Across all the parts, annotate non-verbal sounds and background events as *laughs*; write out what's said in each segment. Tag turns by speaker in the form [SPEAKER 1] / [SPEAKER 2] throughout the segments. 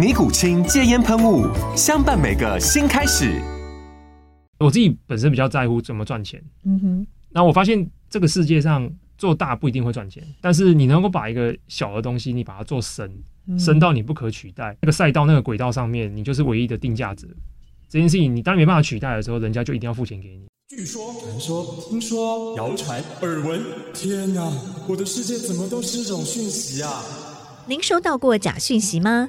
[SPEAKER 1] 尼古清戒煙噴霧，相伴每個新開始。我自己本身比較在乎怎麼賺錢，嗯哼。那我發現這個世界上做大不一定會賺錢，但是你能夠把一個小的東西，你把它做深，深，嗯哼，深到你不可取代，那個賽道、那個軌道上面，你就是唯一的定價者。這件事情，你當你沒辦法取代的時候，人家就一定要付錢給你。據說、傳說、聽說、謠傳、耳聞，天哪！我的世界怎麼都是這種訊息啊？
[SPEAKER 2] 您收到過假訊息嗎？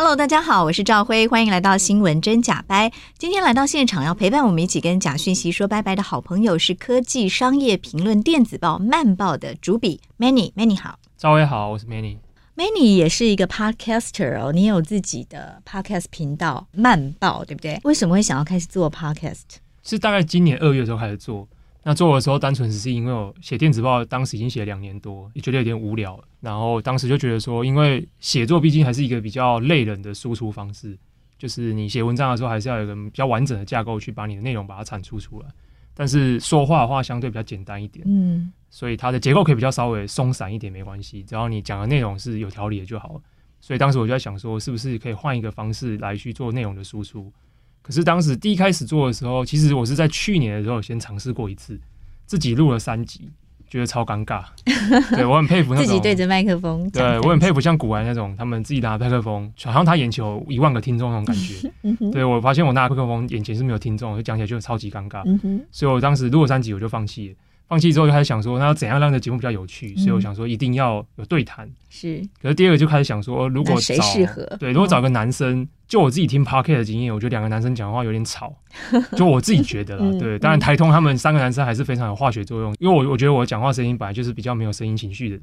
[SPEAKER 2] Hello，大家好，我是兆徽，歡迎來到新聞真假掰。今天來到現場要陪伴我們一起跟假訊息說拜拜的好朋友是科技商業評論電子報曼報的主筆 Manny Manny 好，
[SPEAKER 1] 兆徽好，我是 Manny
[SPEAKER 2] Manny 也是一個 Podcaster 哦，你也有自己的 Podcast 頻道曼報對不對？為什麼會想要開始做 Podcast？
[SPEAKER 1] 是大概今年二月的時候開始做。那做的時候，單純只是因為我寫電子報，當時已經寫了兩年多，也覺得有點無聊。然後當時就覺得說，因為寫作畢竟還是一個比較累人的輸出方式，就是你寫文章的時候，還是要有一個比較完整的架構去把你的內容把它產出出來。但是說話的話，相對比較簡單一點，嗯，所以它的結構可以比較稍微鬆散一點，沒關係，只要你講的內容是有條理的就好了。所以當時我就在想說，是不是可以換一個方式來去做內容的輸出。可是當時第一開始做的時候，其實我是在去年的時候先嘗試過一次，自己錄了三集，覺得超尷尬。 *laughs* 對，我很佩服那種自己對
[SPEAKER 2] 着麥克風，對，我很
[SPEAKER 1] 佩服像股癌那種，他們自己拿麥克風，好 *laughs* 像他眼球一萬個聽眾那種感覺。嗯、哼對，我發現我拿麥克風，眼前是沒有聽眾，我就講起來就超級尷尬。嗯、哼所以我當時錄了三集，我就放棄了。放棄之後就開始想說，那要怎樣讓這節目比較有趣？嗯、哼所以我想說一定要有對談。是。可是第二個就開始想說，如果誰適合？對，如果找個男生。哦就我自己聽 podcast 的經驗，我覺得兩個男生講話有點吵，
[SPEAKER 3] 就我自己覺得了。 *laughs* 嗯、對，當
[SPEAKER 1] 然台通他們三個男生還是非常有化學作用，因為我我覺得我講話聲音本來就是比較沒有聲音情緒的人，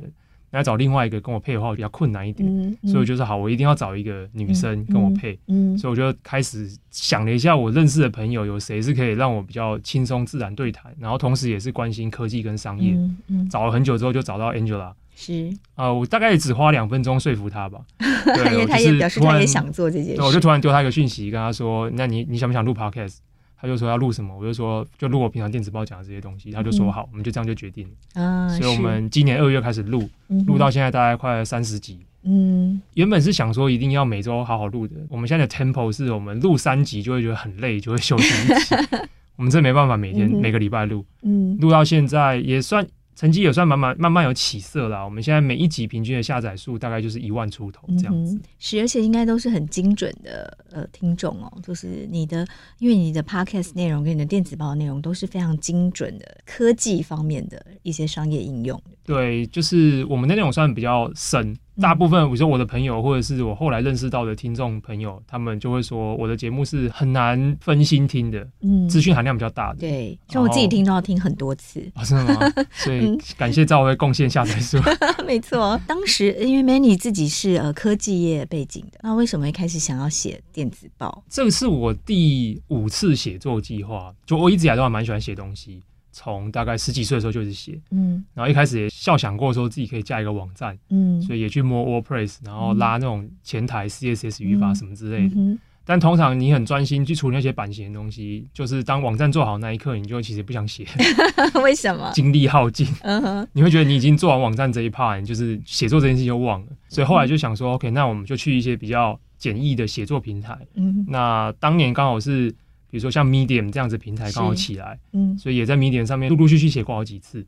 [SPEAKER 1] 來找另外一個跟我配的話我比較困難一點，嗯嗯、所以我就說好，我一定要找一個女生跟我配。嗯，嗯嗯，所以我就開始想了一下，我認識的朋友有誰是可以讓我比較輕鬆自然對談，然後同時也是關心科技跟商業。嗯嗯、找了很久之後，就找到 Angela。是啊、呃，我大概也只花兩分鐘說服他吧，對 *laughs* 他也表示他也想做這件事，
[SPEAKER 2] 對我就突然
[SPEAKER 1] 丟他一個訊息，跟他說：“那你你想不想錄 Podcast？” 他就說要錄什麼，我就說就錄我平常電子報講的這些東西，他就說好，嗯、哼我們就這樣就決定了。啊、所以我們今年二月開始錄，錄、嗯、哼到現在大概快三十集。
[SPEAKER 3] 嗯，
[SPEAKER 1] 原本是想說一定要每周好好錄的，我們現在的 Tempo 是我們錄三集就會覺得很累，就會休息一集。 *laughs* 我們這沒辦法每天、嗯、哼每個禮拜錄、嗯，嗯，錄到現在也算。成績也算慢慢慢慢有起色啦。我們現在每一集平均的下載數大概就是一萬出頭
[SPEAKER 2] 這樣子。嗯。是，而且應該都是很精準的呃聽眾哦，就是你的，因為你的 Podcast 內容跟你的電子報的內容都是非常精準的科技方面的一些商業應用。
[SPEAKER 1] 對，對，就是我們的內容算比較深。大部分，比如說我的朋友，或者是我後來認識到的聽眾朋友，他們就會說我的節目是很難分心聽的，嗯、資訊含量比較大的。的對，像後我自己聽
[SPEAKER 2] 都要聽很多次。哦。真的嗎？
[SPEAKER 1] 所以感謝趙薇貢獻下載數、 *laughs* 嗯、
[SPEAKER 2] *laughs* 沒錯，當時因為 Manny 自己是呃科技業背景的，那為什麼會開始想要寫電
[SPEAKER 1] 子報？這個是我第五次寫作計劃，就我一直以來都還蠻喜歡寫東西。從大概十幾歲的時候就是寫，嗯，然後一開始也笑想過說自己可以架一個網站，嗯，所以也去摸 WordPress，然後拉那種前台 CSS 語法什麼之類的。嗯嗯、但通常你很專心去處理那些版型的東西，就是當網站做好那一刻，你就其實不想寫。
[SPEAKER 2] *laughs* 為什麼？精
[SPEAKER 1] 力耗盡，嗯、哼你會覺得你已經做完網站這一 part，就是寫作這件事情就忘了。所以後來就想說、嗯、OK，那我們就去一些比較簡易的寫作平台。嗯哼，那當年剛好是。比如說像 Medium 這樣子平台剛好起來，嗯、所以也在 Medium 上面陸陸續續寫過好幾次。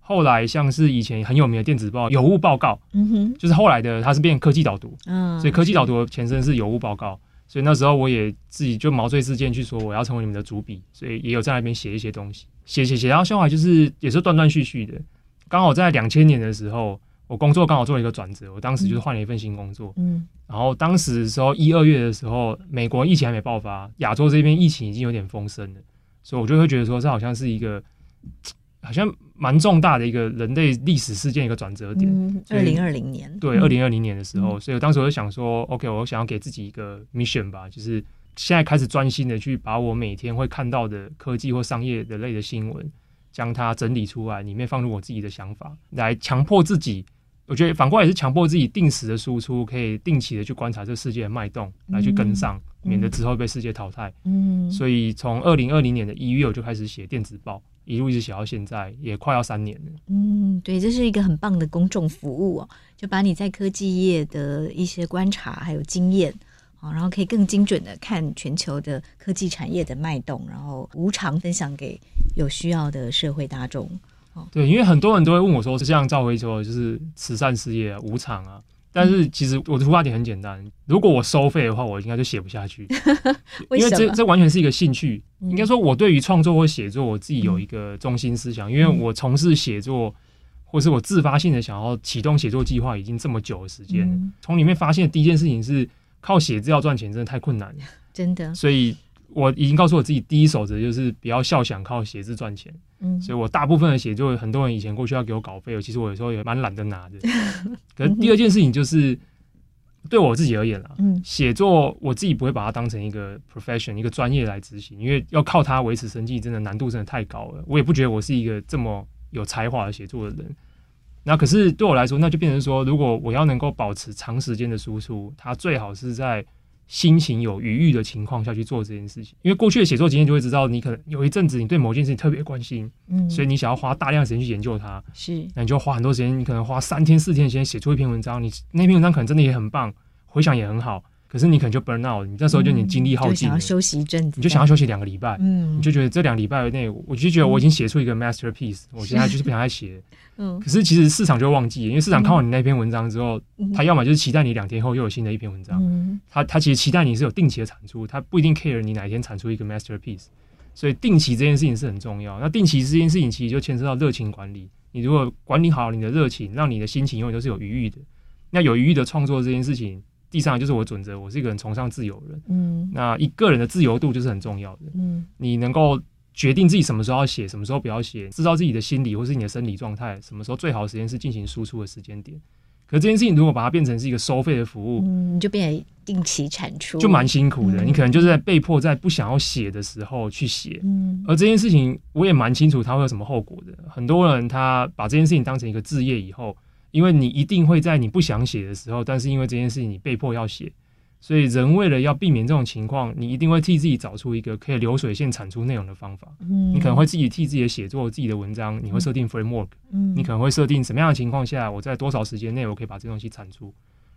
[SPEAKER 1] 後來像是以前很有名的電子報《有物報告》嗯哼，就是後來的它是變成科技導讀，嗯、所以科技導讀前身是有物報告，是所以那時候我也自己就毛遂自薦去說我要成為你們的主筆，所以也有在那邊寫一些東西，寫寫寫。然後後來就是也是斷斷續續的，剛好在兩千年的時候。我工作剛好做了一個轉折，我當時就是換了一份新工作，嗯，然後當時的時候一二月的時候，美國疫情還沒爆發，亞洲這邊疫情已經有點風聲了，所以我就會覺得說，這好像是一個好像蠻重大的一個人類歷史事件一個轉折點。嗯，二零二零年。對，二零二零年的時候，嗯，所以我當時我就想說，OK，我想要給自己一個 mission 吧，就是現在開始專心的去把我每天會看到的科技或商業的類的新聞，將它整理出來，裡面放入我自己的想法，來強迫自己。我覺得反過來也是強迫自己定時的輸出，可以定期的去觀察這世界的脈動，來去跟上，嗯嗯、免得之後被世界淘汰。嗯，所以從二零二零年的一月我就開始寫電子報，一路一直寫到現在，也快要三年了。嗯，
[SPEAKER 2] 對，這是一個很棒的公眾服務哦，就把你在科技業的一些觀察還有經驗，然後可以更精準的看全球的科技產業的脈動，然後無償分享給有需要的社會大眾。
[SPEAKER 1] 對，因為很多人都會問我說：“是這樣，趙薇說就是慈善事業、啊、無償啊。”但是其實我的出發點很簡單：如果我收費的話，我應該就寫不下去， *laughs* 為什麼？因為這這完全是一個興趣。應該說，我對於創作或寫作，我自己有一個中心思想。嗯、因為我從事寫作，或是我自發性的想要啟動寫作計劃，已經這麼久的時間，從、嗯、裡面發現的第一件事情是，靠寫字要賺錢真的太困難
[SPEAKER 2] 了，真的。
[SPEAKER 1] 所以。我已經告訴我自己第一守則就是不要笑想靠寫字賺錢，嗯、哼所以我大部分的寫作，很多人以前過去要給我稿費，其實我有時候也蠻懶得拿的。 *laughs* 可是第二件事情就是對我自己而言啦，嗯、哼寫作我自己不會把它當成一個 profession 一個專業來執行，因為要靠它維持生計，真的難度真的太高了。我也不覺得我是一個這麼有才華的寫作的人。那可是對我來說，那就變成說，如果我要能夠保持長時間的輸出，它最好是在。心情有餘裕的情況下去做這件事情，因為過去的寫作經驗就會知道，你可能有一陣子你對某件事情特別關心，嗯，所以你想要花大量的時間去研究它，是，那你就花很多時間，你可能花三天四天的時間寫出一篇文章，你那篇文章可能真的也很棒，回想也很好。可是你可能就 burn out，你那時候就你精力耗盡了，嗯、想
[SPEAKER 2] 要休息一陣子，你就想要休息
[SPEAKER 1] 兩個禮拜，嗯、你就覺得這兩禮拜內，我就覺得我已經寫出一個 masterpiece，、嗯、我現在就是不想再寫，是可是其實市場就會忘記，嗯、因為市場看完你那篇文章之後，他、嗯、要麼就是期待你兩天後又有新的一篇文
[SPEAKER 3] 章，
[SPEAKER 1] 他他、嗯、其實期待你是有定期的產出，他不一定 care 你哪一天產出一個 masterpiece，所以定期這件事情是很重要。那定期這件事情其實就牽涉到熱情管理，你如果管理好你的熱情，讓你的心情永遠都是有餘裕的，那有餘裕的創作這件事情。第三個就是我的準則，我是一個人崇尚自由的人。嗯，那一個人的自由度就是很重要的。嗯，你能夠決定自己什麼時候要寫，什麼時候不要寫，知道自己的心理或是你的生理狀態，什麼時候最好的時間是進行輸出的時間點。可這件事情如果把它變成是一個收費的服務，嗯，
[SPEAKER 2] 你就變成定期產出，就蠻辛苦
[SPEAKER 1] 的。嗯，你可能就是在被迫在不想要寫的時候去寫。嗯，而這件事情我也蠻清楚它會有什麼後果的。很多人他把這件事情當成一個職業以後。因為你一定會在你不想寫的時候，但是因為這件事情你被迫要寫，所以人為了要避免這種情況，你一定會替自己找出一個可以流水線產出內容的方法。嗯、你可能會自己替自己寫作自己的文章，你會設定 framework、嗯。嗯、你可能會設定什麼樣的情況下，我在多少時間內我可以把這東西產出。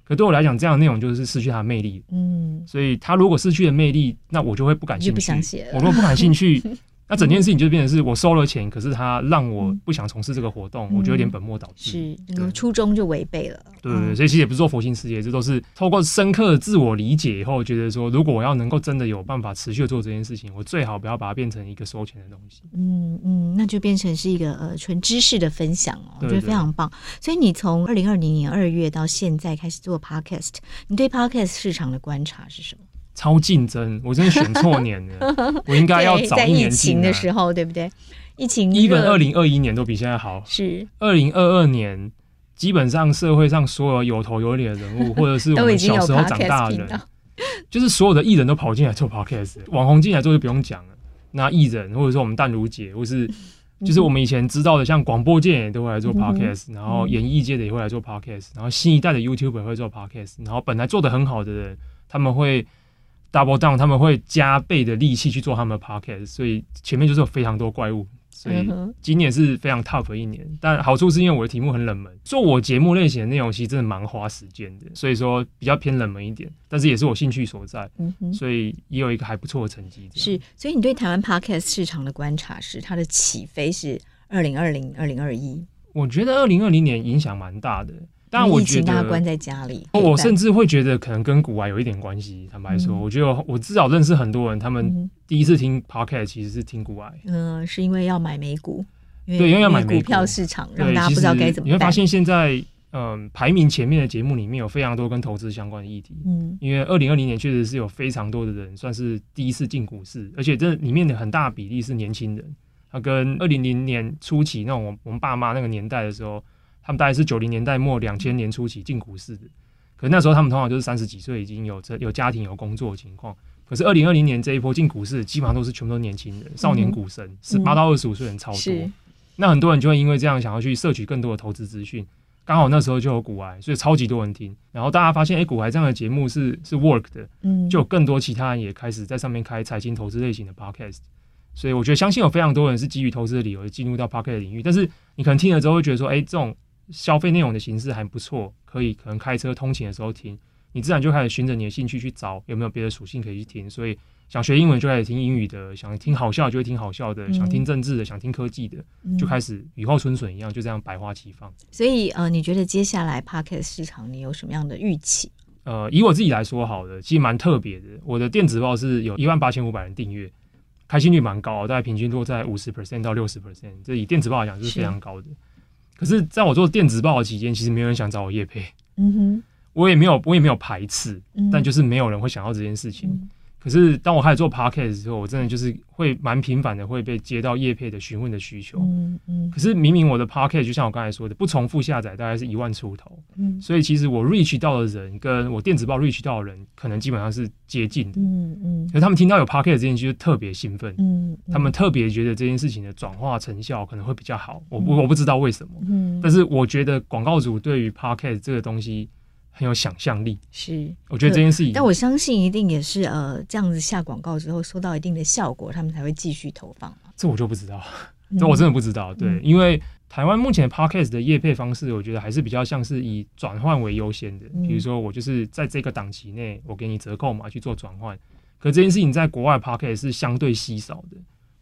[SPEAKER 1] 可對我來講，這樣的內容就是失去它的魅力。嗯、所以它如果失去了魅力，那我就會不感興趣。不想寫。我如果不感興趣。 *laughs* 那整件事情就變成是我收了錢，嗯、可是他讓我不想從事這個活動，嗯、我覺得有點本末倒置，是
[SPEAKER 2] 然後，那個初衷就違背
[SPEAKER 1] 了。對，對，對，嗯、所以其實也不是做佛心事業，這都是透過深刻的自我理解以後，覺得說如果我要能夠真的有辦法持續做這件事情，我最好不要把它變成一個收錢的東西。嗯
[SPEAKER 3] 嗯，
[SPEAKER 2] 那就變成是一個呃純知識的分享哦，我覺得非常棒。所以你從二零二零年二月到現在開始做 Podcast，你對 Podcast 市場的觀察是什麼？
[SPEAKER 1] 超競爭，我真的選錯年了。 *laughs* 對我應該要早一年進。疫情的
[SPEAKER 2] 時候，對不對？疫
[SPEAKER 3] 情，Even 二零
[SPEAKER 1] 二一年都比現在好。是二零二二年，基本上社會上所有有頭有臉的人物，或者是我們小時候長大的人， *laughs* 就是所有的藝人都跑進來做 podcast， *laughs* 網紅進來做就不用講了。那藝人，或者說我們淡如姐，或是就是我們以前知道的，像廣播界也都會來做 podcast， *laughs* 然後演藝界的也會來做 podcast， *laughs* 然後新一代的 YouTuber 也會做 podcast，然後本來做得很好的人，他們會。Double down，他們會加倍的力氣去做他們的 podcast，所以前面就是有非常多怪物，所以今年是非常 tough 的一年。但好處是因為我的題目很冷門，做我節目類型的內容其實真的蠻花時間的，所以說比較偏冷門一點，但是也是我興趣所在，嗯哼，所以也有一個還不錯的成績。是，
[SPEAKER 2] 所以你對台灣 podcast 市場的觀察是它的起飛是二零二零二零二一？
[SPEAKER 1] 我覺得二零二零年影響蠻大的。但我覺得關在家
[SPEAKER 2] 裡，哦，我甚
[SPEAKER 1] 至會覺得可能跟股癌有一點關係。坦白說，嗯、我覺得我至少認識很多人，他們第一次聽 Podcast 其實是聽股癌，
[SPEAKER 2] 嗯，嗯、呃，是因為要買美
[SPEAKER 1] 股，
[SPEAKER 3] 對，因為要買股票市場，讓大家不知道該怎麼辦。你會發現
[SPEAKER 1] 現在，嗯、呃，排名前面的節目裡面有非常多跟投資相關的議題。嗯，因為二零二零年確實是有非常多的人算是第一次進股市，而且這裡面的很大的比例是年輕人。他，啊、跟二零零年初期那種我我們爸媽那個年代的時候。他們大概是九零年代末，兩千年初期進股市的，可是那時候他們通常就是三十幾歲，已經有有家庭、有工作的情況。可是二零二零年這一波進股市，基本上都是全部都年輕人、少年股神，十八到二十五歲人超多。嗯、那很多人就會因為這樣想要去攝取更多的投資資訊，剛好那時候就有股癌，所以超級多人聽。然後大家發現，哎、欸，股癌這樣的節目是是 work 的，就有更多其他人也開始在上面開財經投資類型的 podcast。所以我覺得，相信有非常多人是基於投資的理由進入到 podcast 領域。但是你可能聽了之後會覺得說，哎、欸，這種。消費內容的形式還不錯，可以可能開車通勤的時候聽，你自然就開始循着你的興趣去找有沒有別的屬性可以去聽。所以想學英文就開始聽英語的，想聽好笑就會聽好笑的，嗯、想聽政治的，想聽科技的，嗯、就開始雨後春筍一樣，就這樣百花齊放。
[SPEAKER 2] 所以呃，你覺得接下來 Podcast 市場你有什麼樣的預期？
[SPEAKER 1] 呃，以我自己來說，好的，其實蠻特別的。我的電子報是有一萬八千五百人訂閱，開信率蠻高，大概平均落在五十 percent 到六十 percent，這以電子報來講是非常高的。可是，在我做電子報的期間，其實沒有人想找我業配。嗯哼，我也沒有，我也沒有排斥，嗯、哼但就是沒有人會想到這件事情。嗯可是當我開始做 podcast 的時候，我真的就是會蠻頻繁的會被接到業配的詢問的需求。嗯嗯、可是明明我的 podcast 就像我剛才說的，不重複下載大概是一萬出頭。嗯、所以其實我 reach 到的人跟我電子報 reach 到的人可能基本上是接近的。嗯嗯、可是他們聽到有 podcast 這件事就特別興奮。嗯嗯、他們特別覺得這件事情的轉化成效可能會比較好。我我、嗯、我不知道為什麼。嗯嗯、但是我覺得廣告主對於 podcast 這個東西。很有想象力，是我覺得這件事情，但我
[SPEAKER 2] 相信一定也是呃、這樣子下廣告之後收到一定的效果，他們才會繼續投放，
[SPEAKER 1] 這我就不知道，嗯、這我真的不知道。對，嗯、因為台灣目前的 Podcast 的業配方式，我覺得還是比較像是以轉換為優先的。嗯、比如說，我就是在這個檔期內，我給你折扣嘛，去做轉換。可這件事情在國外 Podcast 是相對稀少的，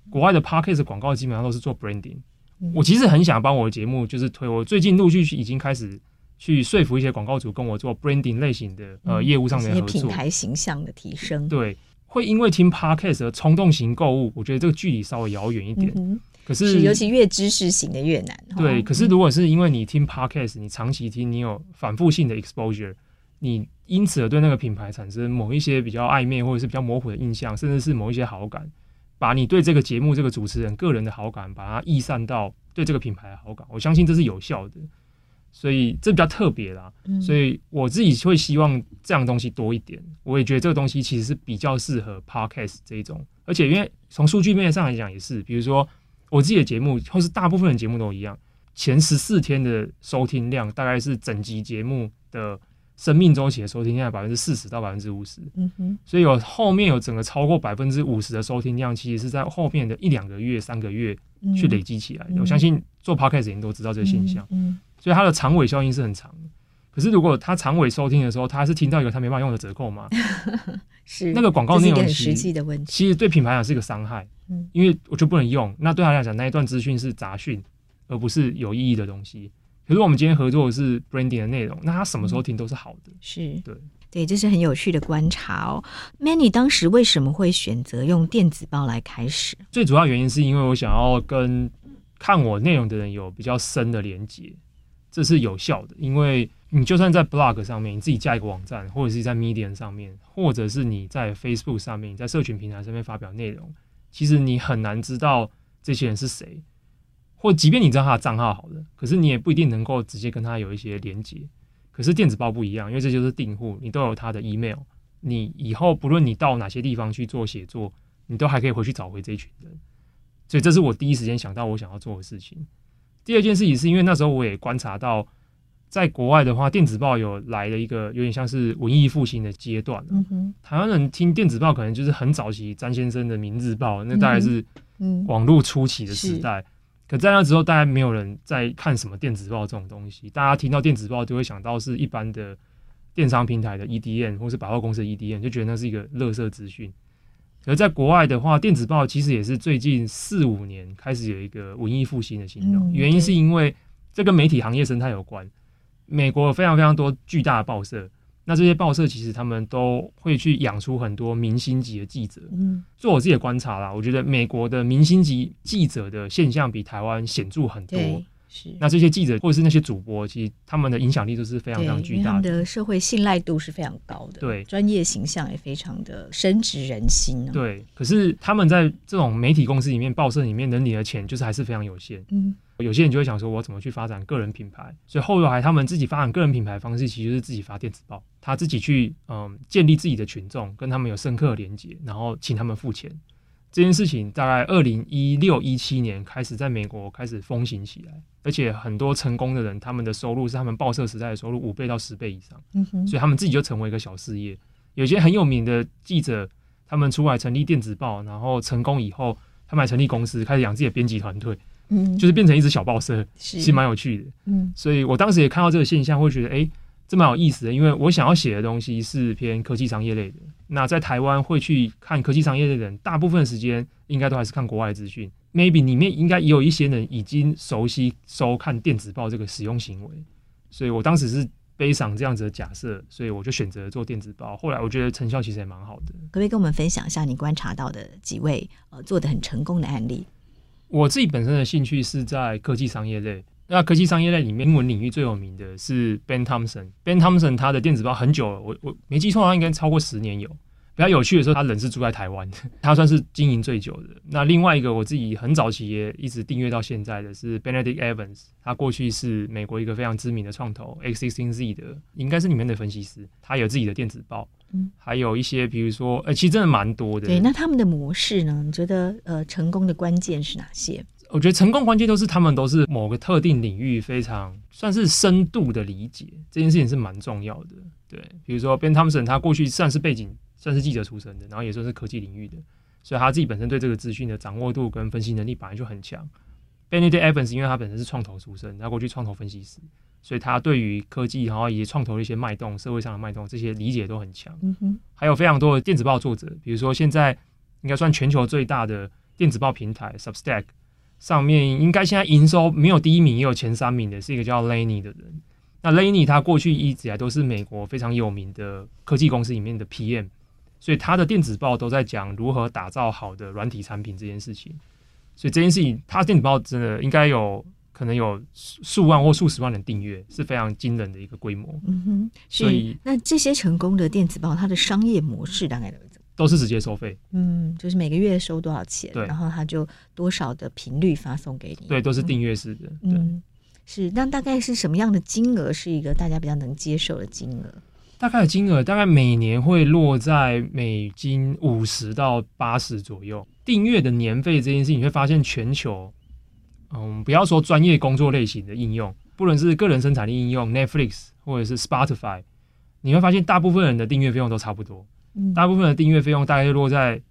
[SPEAKER 1] 國外的 Podcast 廣告基本上都是做 branding、嗯。我其實很想幫我節目就是推，我最近陸續已經開始。去說服一些廣告主跟我做 branding 類型的、嗯、呃業務上面合作，品牌
[SPEAKER 2] 形象的提升。對，
[SPEAKER 1] 會因為聽 podcast 的衝動型購物，我覺得這個距離稍微遙遠一點。嗯、哼可是，是尤其
[SPEAKER 2] 越知識型的越難。對，可是
[SPEAKER 1] 如果是因為你聽 podcast，、嗯、你長期聽，你有反覆性的 exposure，你因此而對那個品牌產生某一些比較曖昧或者是比較模糊的印象，甚至是某一些好感，把你對這個節目這個主持人個人的好感，把它溢散到對這個品牌的好感，我相信這是有效的。所以這比較特別啦，所以我自己會希望這樣的東西多一點。我也覺得這個東西其實是比較適合 Podcast 這一種。而且因為從數據面上來講也是，比如說我自己的節目或是大部分的節目都一樣，前十四天的收聽量大概是整集節目的生命週期的收聽量百分之四十到百分之五十。嗯哼，所以有後面有整個超過百分之五十的收聽量，其實是在後面的一兩個月、三個月去累積起來的。我相信做 Podcast 人都知道這個現象。所以它的長尾效應是很長的，可是如果他長尾收聽的時候，他是聽到一個他沒辦法用的折扣嗎？
[SPEAKER 3] *laughs* 是那個廣告
[SPEAKER 1] 內容其實很實際的問題，其實對品牌來講是一個傷害，嗯、因為我就不能用。那對他來講，那一段資訊是雜訊，而不是有意義的東西。可是我們今天合作的是 branding 的內容，那他什麼時候聽都是好的。嗯、是對，
[SPEAKER 2] 對，這、就是很有趣的觀察哦。Manny 當時為什麼會選擇用電子報來
[SPEAKER 1] 開始？最主要原因是因為我想要跟看我內容的人有比較深的連接。這是有效的，因為你就算在 blog 上面，你自己架一個網站，或者是在 medium 上面，或者是你在 Facebook 上面，在社群平台上面發表內容，其實你很難知道這些人是誰，或即便你知道他的賬號好了，可是你也不一定能夠直接跟他有一些連接。可是電子報不一樣，因為這就是訂戶，你都有他的 email，你以後不論你到哪些地方去做寫作，你都還可以回去找回這一群人，所以這是我第一時間想到我想要做的事情。第二件事情是因為那時候我也觀察到，在國外的話，電子報有來了一個有點像是文藝復興的階段、嗯、哼台灣人聽電子報可能就是很早期詹先生的《明日報》，那大概是網絡初期的時代。嗯嗯、可在那之後，大家沒有人在看什麼電子報這種東西，大家聽到電子報就會想到是一般的電商平台的 EDM 或是百貨公司的 EDM，就覺得那是一個垃圾資訊。而在國外的話，電子報其實也是最近四五年開始有一個文藝復興的行動。嗯、原因是因為這跟媒體行業生態有關。美國有非常非常多巨大的報社，那這些報社其實他們都會去養出很多明星級的記者。嗯，據我自己的觀察啦，我覺得美國的明星級記者的現象比台灣顯著很多。是，那這些記者或者是那些主播，其實他們的影響力都是非常非常巨大的，他們的
[SPEAKER 2] 社會信賴度是非常高的，對，專業形象也非常的深植人心啊。對，
[SPEAKER 1] 可是他們在這種媒體公司裡面、報社裡面能領的錢，就是還是非常有限。嗯，有些人就會想說，我怎麼去發展個人品牌？所以後來他們自己發展個人品牌的方式，其實就是自己發電子報，他自己去嗯建立自己的群眾，跟他們有深刻的連接，然後請他們付錢。這件事情大概二零一六一七年開始在美國開始風行起來，而且很多成功的人，他們的收入是他們報社時代的收入五倍到十倍以上，嗯哼，所以他們自己就成為一個小事業。有些很有名的記者，他們出來成立電子報，然後成功以後，他們還成立公司，開始養自己的編輯團隊，嗯，就是變成一隻小報社，是，是蠻有趣的。嗯，所以我當時也看到這個現象，會覺得誒，這蠻有意思的，因為我想要寫的東西是偏科技商業類的。那在台灣會去看科技商業的人，大部分時間應該都還是看國外資訊。Maybe 裡面應該也有一些人已經熟悉收看電子報這個使用行為，所以我當時是背上這樣子的假設，所以我就選擇做電子報。後來我覺得成效其實也蠻好的。
[SPEAKER 2] 可不可以跟我們分享一下你觀察到的幾位呃做得很成功的案例？
[SPEAKER 1] 我自己本身的興趣是在科技商業類。那科技商業類裡面英文領域最有名的是 Ben Thompson，Ben Thompson 他的電子報很久了，我我沒記錯的應該超過十年有。比較有趣的時候，他人是住在台灣，他算是經營最久的。那另外一個我自己很早期也一直訂閱到現在的是 Benedict Evans，他過去是美國一個非常知名的創投 a16z 的，應該是你們的分析師，他有自己的電子報。嗯、還有一些比如說，呃、欸，其實真的蠻多的。對，那
[SPEAKER 2] 他們的模式呢？你覺得呃，成功的關鍵是哪些？
[SPEAKER 1] 我覺得成功環節都是他們都是某個特定領域非常算是深度的理解，這件事情是蠻重要的。對，比如說 Ben Thompson，他過去算是背景算是記者出身的，然後也算是科技領域的，所以他自己本身對這個資訊的掌握度跟分析能力本來就很強。Benedict Evans，因為他本身是創投出身，他過去創投分析師，所以他對於科技然後以及創投的一些脈動、社會上的脈動這些理解都很強。嗯哼。還有非常多的電子報作者，比如說現在應該算全球最大的電子報平台 Substack。Substack。上面應該現在營收沒有第一名，也有前三名的，是一個叫 Lenny 的人。那 Lenny 他過去一直以來都是美國非常有名的科技公司裡面的 PM，所以他的電子報都在講如何打造好的軟體產品這件事情。所以這件事情，他電子報真的應該有可能有數數萬或數十萬人訂閱，是非常驚人的一個規模。嗯
[SPEAKER 2] 哼，所以那這些成功的電子報，它的商業模式大概都？
[SPEAKER 1] 都是直接收費，
[SPEAKER 2] 嗯，就是每個月收多少錢，對然後他就多少的頻率發送給你，對，都是訂閱式的，嗯，對是，那大概是什麼樣的金額是一個大家比較能接受的金額？
[SPEAKER 1] 大概的金額大概每年會落在美金五十到八十左右。訂閱的年費這件事情，你會發現全球，嗯，不要說專業工作類型的應用，不論是個人生產力應用，Netflix 或者是 Spotify，你會發現大部分人的訂閱費用都差不多。大部分的訂閱費用大概就落在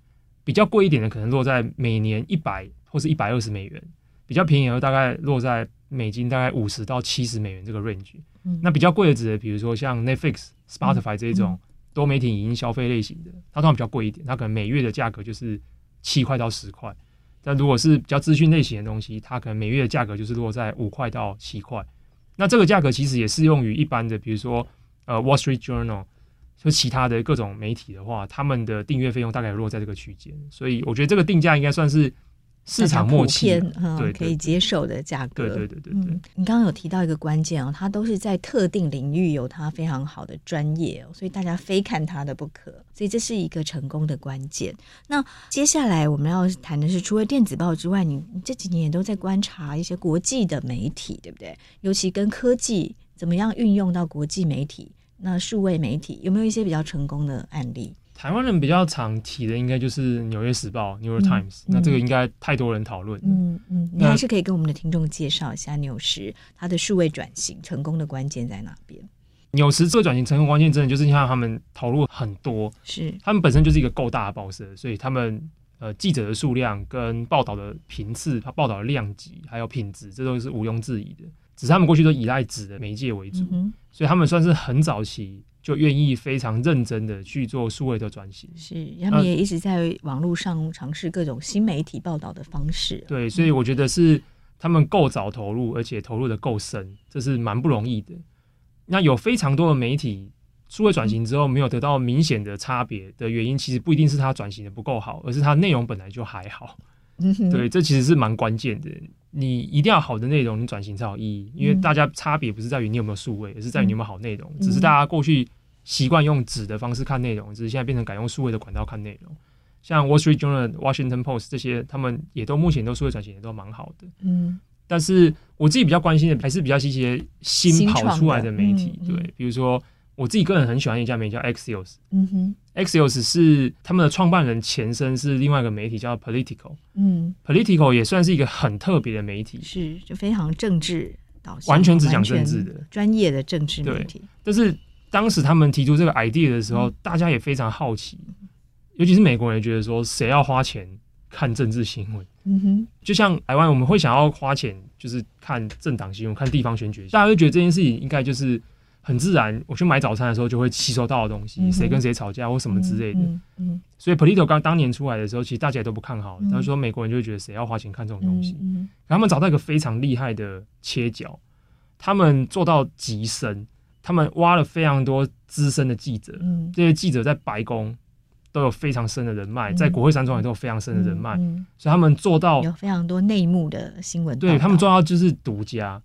[SPEAKER 1] 比較貴一點的，可能落在每年一百或是一百二十美元；比較便宜的大概落在美金，大概五十到七十美元這個 range。那比較貴的，指的比如說像 Netflix、Spotify 這種多媒體影音消費類型的，它通常比較貴一點，它可能每月的價格就是七塊到十塊。但如果是比較資訊類型的東西，它可能每月的價格就是落在五塊到七塊。那這個價格其實也適用於一般的，比如說呃，Wall Street Journal。就其他的各種媒體的話，他們的訂閱費用大概落在這個區間，所以我覺得這個定價應該算是市場目前哈可以接
[SPEAKER 2] 受的價格。對對對對，對，對，嗯，你剛剛有提到一個關鍵哦，他都是在特定領域有他非常好的專業，哦，所以大家非看他的不可，所以這是一個成功的關鍵。那接下來我們要談的是，除了電子報之外，你這幾年也都在觀察一些國際的媒體，對不對？尤其跟科技怎麼樣運用到國際媒體。那數位媒體有沒有一些比較成功的案例？
[SPEAKER 1] 台灣人比較常提的應該就是《紐約時報》（New York Times），嗯。嗯、那這個應該太多人討論。
[SPEAKER 2] 嗯嗯，你還是可以跟我們的聽眾介紹一下紐時它的數位轉型成功的關鍵在哪邊？
[SPEAKER 1] 紐時這個轉型成功關鍵真的就是你看他們投入很多，是他們本身就是一個夠大的報社，所以他們呃記者的數量跟報道的頻次，它報道的量級還有品質，這都是毋庸置疑的。只是他們過去都依賴紙的媒介為主，嗯、哼所以他們算是很早期就願意非常認真的去做數位的轉型。是，
[SPEAKER 3] 他們也一直
[SPEAKER 2] 在網絡上嘗試各種新媒體報道的方式、呃。
[SPEAKER 1] 對，所以我覺得是他們夠早投入，而且投入的夠深，這是蠻不容易的。那有非常多的媒體數位轉型之後沒有得到明顯的差別的原因，嗯、其實不一定是他轉型的不夠好，而是他內容本來就還好。嗯哼，對，這其實是蠻關鍵的。你一定要好的內容，你轉型才有意義。因為大家差別不是在於你有沒有數位，而、嗯、是在於你有沒有好內容。嗯、只是大家過去習慣用紙的方式看內容，只是現在變成改用數位的管道看內容。像《Wall Street Journal》《Washington Post》這些，他們也都目前都數位轉型也都蠻好的。嗯、但是我自己比較關心的，還是比較是一些新跑出來的媒體，嗯嗯、對，比如說。我自己個人很喜歡一家媒體叫 Axios，嗯哼，Axios 是他們的創辦人，前身是另外一個媒體叫 Politico，嗯，Politico 也算是一個很特別的媒體，
[SPEAKER 2] 是就非常政治導向，完全只講政治的專業的政治媒體。
[SPEAKER 1] 但是當時他們提出這個 idea 的時候，嗯、大家也非常好奇，尤其是美國人覺得說，誰要花錢看政治新聞？嗯哼，就像台灣我們會想要花錢就是看政黨新聞、看地方選舉，大家會覺得這件事情應該就是。很自然，我去買早餐的時候就會吸收到的東西，誰、嗯、哼跟誰吵架或什麼之類的。嗯嗯嗯、所以 Politico 剛當年出來的時候，其實大家也都不看好。他、嗯、說美國人就會覺得誰要花錢看這種東西，嗯嗯、他們找到一個非常厲害的切角，他們做到極深，他們挖了非常多資深的記者，嗯、這些記者在白宮都有非常深的人脈，嗯、在國會山莊也都有非常深的人脈。嗯嗯嗯、所以他們做到有
[SPEAKER 2] 非常多內幕的新聞，對，他們做
[SPEAKER 1] 到就是獨家。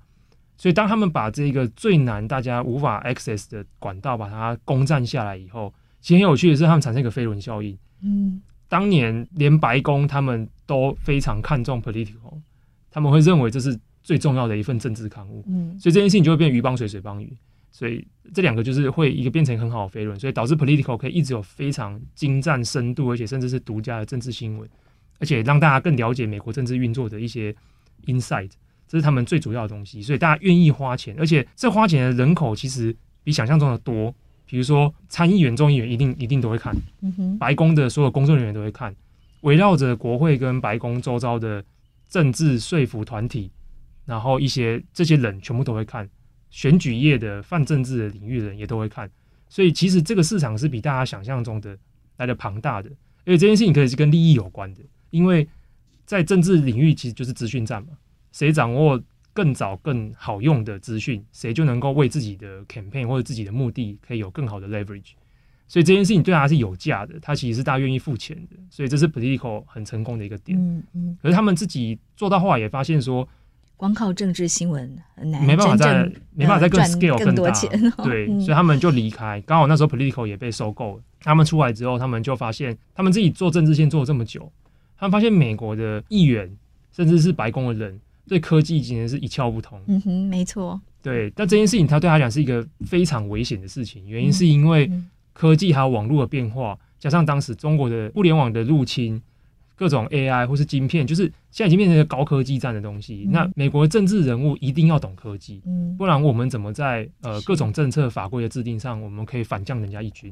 [SPEAKER 1] 所以，當他們把這個最難大家無法 access 的管道把它攻佔下來以後，其實很有趣的是，他們產生一個飛輪效應。嗯、當年連白宮他們都非常看重 p o l i t i c a l，他們會認為這是最重要的一份政治刊物。嗯、所以這件事情就會變成魚幫水，水幫魚。所以這兩個就是會一個變成很好的飛輪，所以導致 p o l i t i c a l 可以一直有非常精湛、深度，而且甚至是獨家的政治新聞，而且讓大家更了解美國政治運作的一些 i n s i g h t 這是他們最主要的東西，所以大家願意花錢，而且這花錢的人口其實比想象中的多。比如說參議員、眾議員一定一定都會看，嗯、哼白宮的所有工作人員都會看，圍繞着國會跟白宮周遭的政治說服團體，然後一些這些人全部都會看，選舉業的泛政治的領域的人也都會看，所以其實這個市場是比大家想象中的來得龐大的。而且這件事情可以是跟利益有關的，因為在政治領域其實就是資訊戰嘛。誰掌握更早、更好用的資訊，誰就能夠為自己的 campaign 或者自己的目的，可以有更好的 leverage。所以這件事情對他是有價的，他其實是大家願意付錢的。所以這是 Politico 很成功的一個點。嗯嗯、可是他們自己做到後來也發現說，
[SPEAKER 2] 光靠政治新聞很難，沒辦法再、呃、沒辦法再更 scale 更多錢。對，嗯、所以他
[SPEAKER 1] 們就離開。剛好那時候 Politico 也被收購了。他們出來之後，他們就發現，他們自己做政治線做了這麼久，他們發現美國的議員，甚至是白宮的人，對科技竟然是一竅不通。
[SPEAKER 2] 嗯哼，沒錯。
[SPEAKER 1] 對，但這件事情它對他來講是一個非常危險的事情，原因是因為科技還有網絡的變化，嗯嗯、加上當時中國的互聯網的入侵，各種 AI 或是晶片，就是現在已經變成一個高科技戰的東西。嗯、那美國的政治人物一定要懂科技，嗯、不然我們怎麼在呃是各種政策法規的制定上，我們可以反將人家一軍？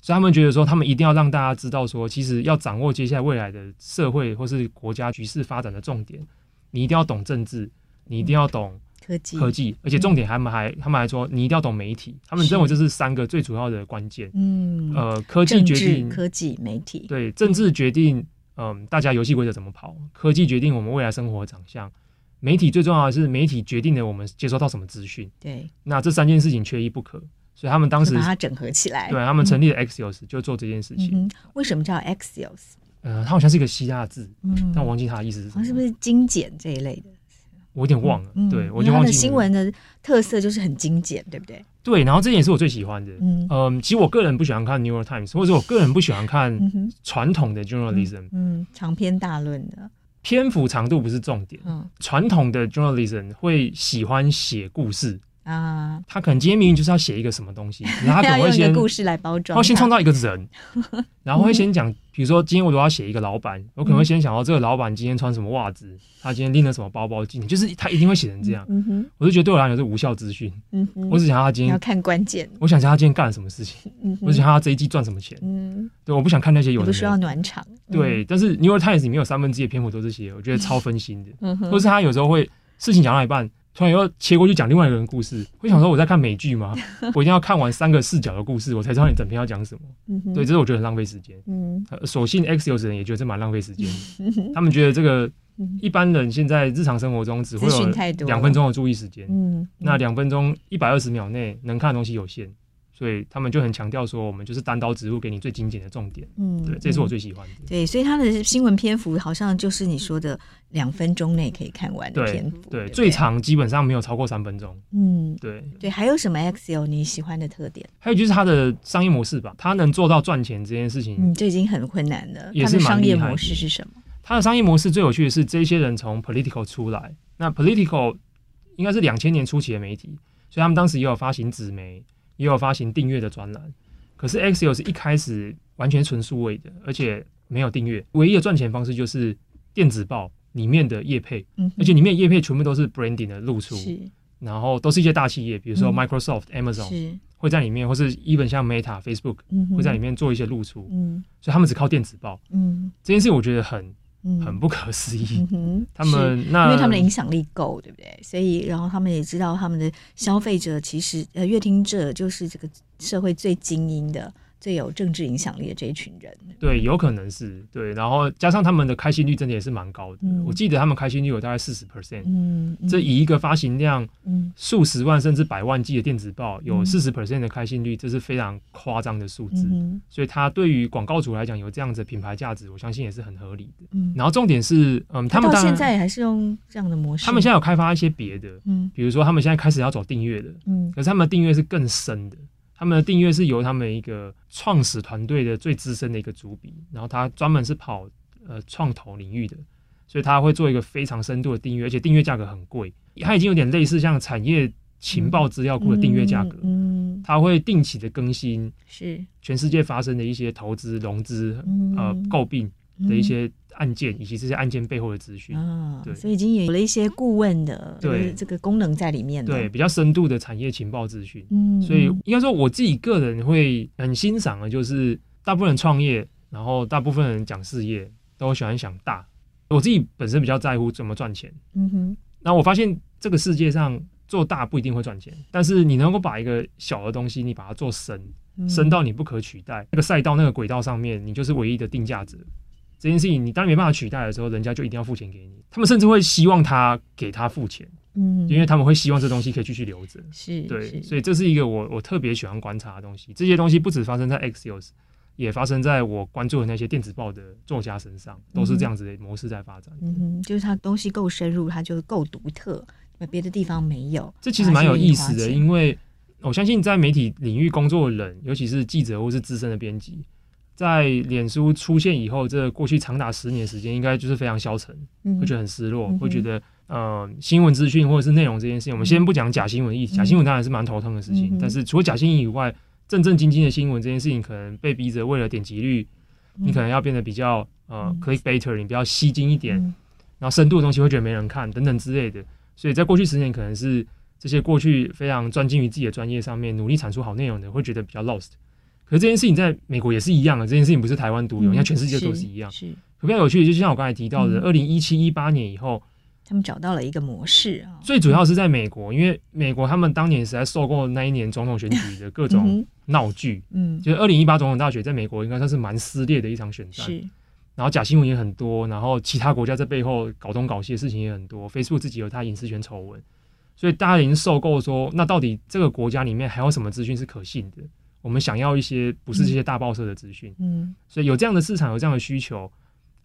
[SPEAKER 1] 所以他們覺得說，他們一定要讓大家知道說，其實要掌握接下來未來的社會或是國家局勢發展的重點，你一定要懂政治，你一定要懂科技，科技，而且重點還們還他們還說你一定要懂媒體，他們認為這是三個最主要的關鍵。嗯，呃，科技決定科技媒體，對，政治決定嗯大家遊戲規則怎麼跑，科技決定我們未來生活長相，媒體最重要的是媒體決定了我們接收到什麼資訊。對，那這三件事情缺一不可，所以他們當時把它
[SPEAKER 2] 整合起來，對他們成立
[SPEAKER 1] 了 Axios 就做這件事
[SPEAKER 2] 情。為什麼叫 Axios？
[SPEAKER 1] 呃、它好像是一個希臘字，嗯、但我忘記它的意思是什麼，啊、
[SPEAKER 2] 是不是精簡這一類的？
[SPEAKER 1] 我有點忘了，嗯、對我就忘記了。它的
[SPEAKER 2] 新聞的特色就是很精簡，對不對？
[SPEAKER 1] 對，然後這點也是我最喜歡的。嗯、呃，其實我個人不喜歡看《New York Times》，或者是我個人不喜歡看傳統的 journalism，嗯、
[SPEAKER 2] 嗯，長篇大論的
[SPEAKER 1] 篇幅長度不是重點。嗯，傳統的 journalism 會喜歡寫故事。啊，他可能今天命運就是要寫一個什麼東西，然後他可能會先故事來包裝，然後先創造一個人，然後會先講，比如說今天我都要寫一個老闆，我可能會先想到這個老闆今天穿什麼襪子，他今天拎了什麼包包進，就是他一定會寫成這樣。我就覺得對我來講是無效資訊，
[SPEAKER 2] 我只想要他今天要看關鍵，我
[SPEAKER 1] 想想他今天幹了什麼事情，我只想要他這一季賺什麼錢。嗯，對，我不想看那些有不需
[SPEAKER 2] 要暖場。
[SPEAKER 1] 對，但是《New York Times》裡面有三分之一的篇幅都是寫，我覺得超分心的。嗯哼，或是他有時候會事情講到一半。所以要切過去講另外一個人的故事，會想說我在看美劇嗎？ *laughs* 我一定要看完三個視角的故事，我才知道你整篇要講什麼。嗯、哼對，這是我覺得很浪費時間。嗯，所幸 Axios 的人也覺得這蠻浪費時間，嗯、他們覺得這個一般人現在日常生活中只會有兩分鐘的注意時間。嗯，嗯，2 那兩分鐘一百二十秒內能看的東西有限，所以他們就很強調說，我們就是單刀直入，給你最精簡的重點。嗯，對，這是我最喜歡的、嗯。對，
[SPEAKER 2] 所以他的新聞篇幅好像就是你說的兩分鐘內可以看完的篇幅，對，對
[SPEAKER 1] 對對，最長基本上沒有超過三分鐘。嗯，對
[SPEAKER 2] 對。還有什麼 Axios 你喜歡的特
[SPEAKER 1] 點？還有就是他的商業模式吧，他能做到賺錢這件事情，嗯，
[SPEAKER 2] 這已經很困難了。他的商業模式是什麼？
[SPEAKER 1] 他的商業模式最有趣的是，這些人從 Politico 出來，那 Politico 應該是兩千年初期的媒體，所以他們當時也有發行紙媒。也有發行訂閱的專欄，可是 Axios 是一開始完全純數位的，而且沒有訂閱，唯一的賺錢方式就是電子報裡面的業配，嗯、哼而且裡面的業配全部都是 branding 的露出，是然後都是一些大企業，比如說 Microsoft、Amazon 會在裡面，或是 even 像 Meta、嗯哼、Facebook 會在裡面做一些露出，嗯、所以他們只靠電子報。嗯、這件事情我覺得很。嗯，很不可思議。嗯嗯、哼他們是那因為他們的影
[SPEAKER 2] 響力夠，對不對？所以，然後他們也知道，他們的消費者其實、嗯、呃，閱聽者就是這個社會最精英的。最有政治影響力的這一群人，
[SPEAKER 1] 對，有可能是對，然後加上他們的開信率真的也是蠻高的。嗯、我記得他們開信率有大概四十 percent，嗯，嗯，這以一個發行量，嗯，數十萬甚至百萬計的電子報有40，有四十 percent 的開信率，嗯、這是非常誇張的數字。嗯嗯、所以它對於廣告主來講，有這樣子的品牌價值，我相信也是很合理的。嗯，然後重點是，嗯，他們當然他現
[SPEAKER 2] 在也還是用這樣的模式。他們現在有
[SPEAKER 1] 開發一些別的，嗯，比如說他們現在開始要走訂閱的，嗯，可是他們訂閱是更深的。他們的訂閱是由他們一個創始團隊的最資深的一個主筆，然後他專門是跑呃創投領域的，所以他會做一個非常深度的訂閱，而且訂閱價格很貴，他已經有點類似像產業情報資料庫的訂閱價格。嗯，嗯嗯他會定期的更新，是全世界發生的一些投資融資呃購併，的一些案件以及這些案件背後的資訊啊，哦、對所以
[SPEAKER 2] 已經有了一些顧問
[SPEAKER 1] 的對這
[SPEAKER 2] 個功能在裡面了，對，
[SPEAKER 1] 比較深度的產業情報資訊。嗯，所以應該說我自己個人會很欣賞的，就是大部分人創業，然後大部分人講事業都喜歡想大。我自己本身比較在乎怎麼賺錢，嗯哼。那我發現這個世界上做大不一定會賺錢，但是你能夠把一個小的東西，你把它做深，深、嗯、到你不可取代，那個賽道、那個軌道上面，你就是唯一的定價者。這件事情你當然沒辦法取代的時候，人家就一定要付錢給你。他們甚至會希望他給他付錢，嗯，因為他們會希望這東西可以繼續留着。是，對，是所以這是一個我我特別喜歡觀察的東西。這些東西不只發生在 Axios，也發生在我關注的那些電子報的作家身上，都是這樣子的模式在發展的，
[SPEAKER 2] 嗯。嗯哼，就是它東西夠深入，它就是夠獨特，別的地方沒有。這其實蠻有意思的，因
[SPEAKER 1] 為我相信在媒體領域工作的人，尤其是記者或是資深的編輯。在臉書出現以後，這過去長達十年時間，應該就是非常消沉，嗯、會覺得很失落，嗯、會覺得嗯，呃、新聞資訊或者是內容這件事情，嗯、我們先不講假新聞，意假新聞當然是蠻頭疼的事情。嗯、但是除了假新聞以外，嗯、正正經經的新聞這件事情，可能被逼着為了點擊率，
[SPEAKER 3] 嗯、你可能
[SPEAKER 1] 要變得比較呃 clickbaiter，嗯、你比較吸睛一點，嗯、然後深度的東西會覺得沒人看等等之類的。所以在過去十年，可能是這些過去非常專精於自己的專業上面，努力產出好內容的，會覺得比較 lost。可這件事情在美國也是一樣的，這件事情不是台灣獨有，你看、嗯、全世界都,都是一樣。是比較有趣的，就像我剛才提到的，二零一七一八年以後，
[SPEAKER 2] 他們找到了一個模式
[SPEAKER 1] 啊、哦。最主要是在美國，因為美國他們當年實在受夠那一年總統選舉的各種鬧劇，嗯，就二零一八總統大選，在美國應該算是蠻撕裂的一場選戰。是然後假新聞也很多，然後其他國家在背後搞東搞西的事情也很多。Facebook 自己有他隱私權醜聞，所以大家已經受夠說，那到底這個國家裡面還有什麼資訊是可信的？我們想要一些不是這些大報社的資訊，嗯，所以有這樣的市場，有這樣的需求，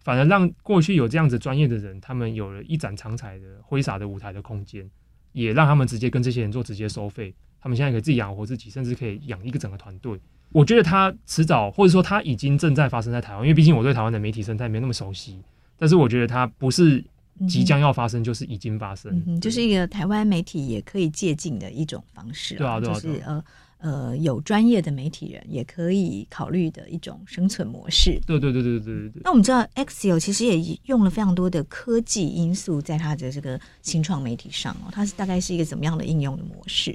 [SPEAKER 1] 反而讓過去有這樣子專業的人，他們有了一展長才的揮灑的舞台的空間，也讓他們直接跟這些人做直接收費，他們現在可以自己養活自己，甚至可以養一個整個團隊。我覺得他遲早，或者說他已經正在發生在台灣，因為畢竟我對台灣的媒體生態沒那麼熟悉，但是我覺得他不是即將要發生，嗯哼，就是已經發生，
[SPEAKER 2] 就是一個台灣媒體也可以借鑒的一種方式啊對啊，對啊對啊，就是呃。呃，有專業的媒體人也可以考慮的一種生存模
[SPEAKER 1] 式。對對對對對對。那我們
[SPEAKER 2] 知道，Axios 其實也用了非常多的科技因素在它的這個新創媒體上哦。它是大概是一個怎麼樣的應用的模式？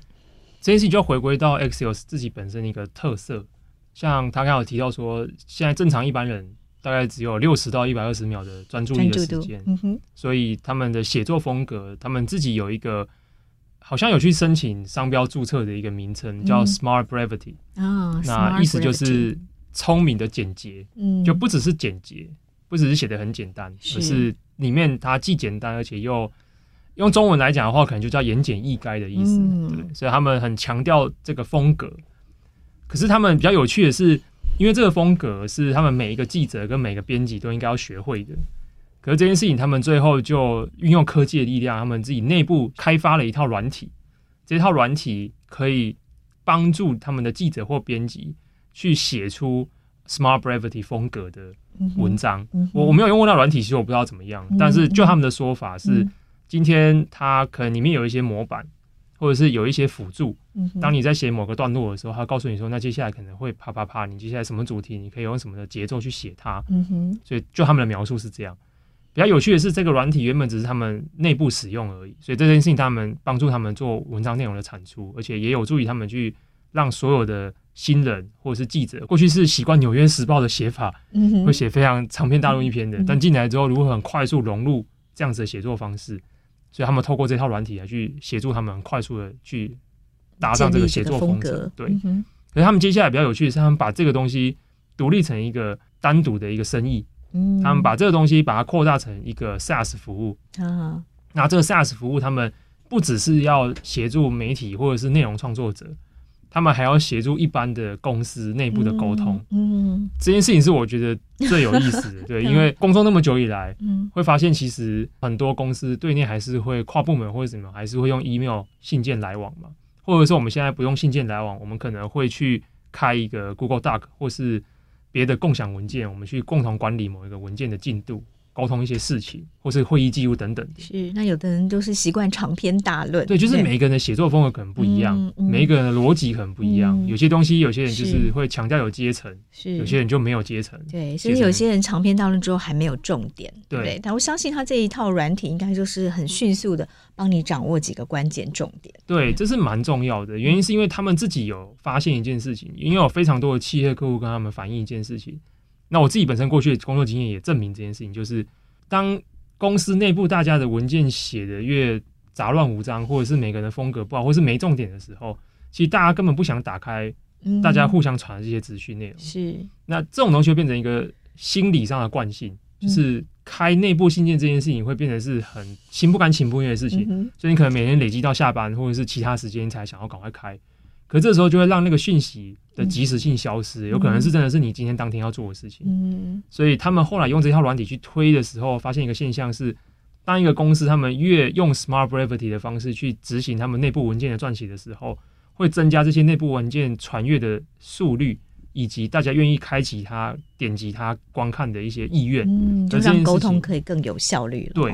[SPEAKER 1] 這件事情就要回歸到 Axios 自己本身的一個特色。像他剛剛有提到說，現在正常一般人大概只有六十到一百二十秒的專注力的時間。嗯哼。所以他們的寫作風格，他們自己有一個。好像有去申請商標註冊的一個名稱，叫 Smart Brevity。啊、嗯，oh，那意思就是聰明的簡潔，嗯、就不只是簡潔，不只是寫得很簡單，可是，是裡面它既簡單，而且又用中文來講的話，可能就叫言簡意賅的意思、嗯對。所以他們很強調這個風格。可是他們比較有趣的是，因為這個風格是他們每一個記者跟每個編輯都應該要學會的。可是這件事情，他們最後就運用科技的力量，他們自己內部開發了一套軟體。這套軟體可以幫助他們的記者或編輯去寫出 Smart Brevity 風格的文章。我、嗯嗯、我沒有用過那軟體，其實我不知道怎麼樣。嗯、哼但是就他們的說法是，嗯、哼今天它可能裡面有一些模板，或者是有一些輔助。嗯、哼當你在寫某個段落的時候，它告訴你說，那接下來可能會啪啪啪，你接下來什麼主題，你可以用什麼的節奏去寫它。嗯、哼所以就他們的描述是這樣。比較有趣的是，這個軟體原本只是他們內部使用而已，所以這件事情他們幫助他們做文章內容的產出，而且也有助於他們去讓所有的新人或者是記者，過去是習慣《紐約時報》的寫法，會寫非常長篇大論一篇的，但進來之後如何很快速融入這樣子的寫作方式，所以他們透過這套軟體來去協助他們快速的去搭上這個寫作風格。對，可是他們接下來比較有趣的是，他們把這個東西獨立成一個單獨的一個生意。嗯、他們把這個東西把它擴大成一個 SaaS 服務，
[SPEAKER 2] 啊、
[SPEAKER 1] 那這個 SaaS 服務，他們不只是要協助媒體或者是內容創作者，他們還要協助一般的公司內部的溝通。嗯嗯、這件事情是我覺得最有意思的， *laughs* 對，因為工作那麼久以來，嗯、會發現其實很多公司對內還是會跨部門或者什麼，還是會用 email 信件來往嘛，或者說我們現在不用信件來往，我們可能會去開一個 Google Doc 或是。別的共享文件，我們去共同管理某一個文件的進度。溝通一些事情，或是會議記錄等等。
[SPEAKER 2] 是，那有的人都是習慣長篇大論。對，就是每
[SPEAKER 1] 一個人的寫作風格可能不一樣，嗯嗯、每一個人的邏輯可能不一樣。嗯、有些東西，有些人就是會強調有階層，是有些人就沒有階層。是，
[SPEAKER 2] 階層。對，所以有些人長篇大論之後還沒有重點，對，對，但我相信他這一套軟體應該就是很迅速的幫你掌握幾個關鍵重
[SPEAKER 1] 點。對，對，這是蠻重要的原因，是因為他們自己有發現一件事情，因為有非常多的企業客戶跟他們反映一件事情。那我自己本身過去的工作經驗也證明這件事情，就是當公司內部大家的文件寫的越雜亂無章，或者是每個人的風格不好，或是沒重點的時候，其實大家根本不想打開，大家互相傳這些資訊內容、嗯。是。那這種東西會變成一個心理上的慣性，嗯、就是開內部信件這件事情會變成是很心不甘情不願的事情，嗯、哼所以你可能每天累積到下班或者是其他時間才想要趕快開。可這時候就會讓那個訊息的即時性消失，嗯、有可能是真的是你今天當天要做的事情。嗯，所以他們後來用這套軟體去推的時候，發現一個現象是，當一個公司他們越用 Smart Brevity 的方式去執行他們內部文件的撰寫的時候，會增加這些內部文件傳閱的速率，以及大家願意開啟它、點擊它、觀看的一些意願、嗯，就這樣溝通
[SPEAKER 2] 可以更有效率、哦。對，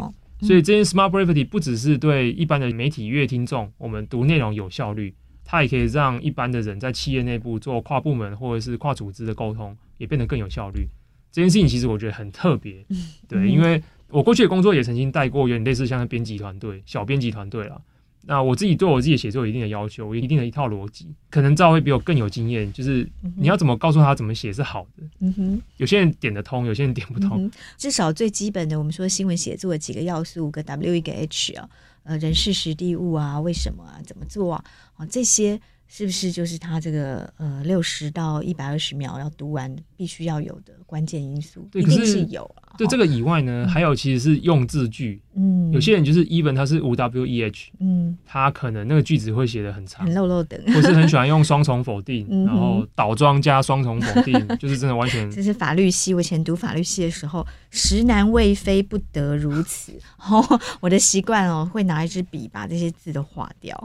[SPEAKER 1] 所以這些 Smart Brevity 不只是對一般的媒體閱聽眾，嗯、我們讀內容有效率。它也可以讓一般的人在企業內部做跨部門或者是跨組織的溝通，也變得更有效率。這件事情其實我覺得很特別， *music* 對，因為我過去的工作也曾經帶過有點類似像編輯團隊、小編輯團隊啦。那我自己對我自己寫作有一定的要求，有一定的一套邏輯，可能兆徽會比我更有經驗。就是你要怎麼告訴他怎麼寫是好的，嗯哼，有些人點得通，有些人點不通
[SPEAKER 2] *music* 至少最基本的，我們說新聞寫作的幾個要素，跟 W 一個 H 啊。哦。呃，人事時地物啊，為什麼啊？怎麼做啊？啊，這些是不是就是他這個呃，六十到一百二十秒要讀完？必須要有的關鍵因素，對，一定是有。
[SPEAKER 1] 對這個以外呢，還有其實是用字句。嗯，有些人就是 even，他是五 w e h，嗯，他可能那個句子會寫得很長，很落落長的，我是很喜歡用雙重否定，然後倒裝加雙重否定，就是真的完全。這
[SPEAKER 2] 是法律系，我以前讀法律系的時候，實難謂非不得如此。哦，我的習慣哦，會拿一支筆把這些字都劃掉，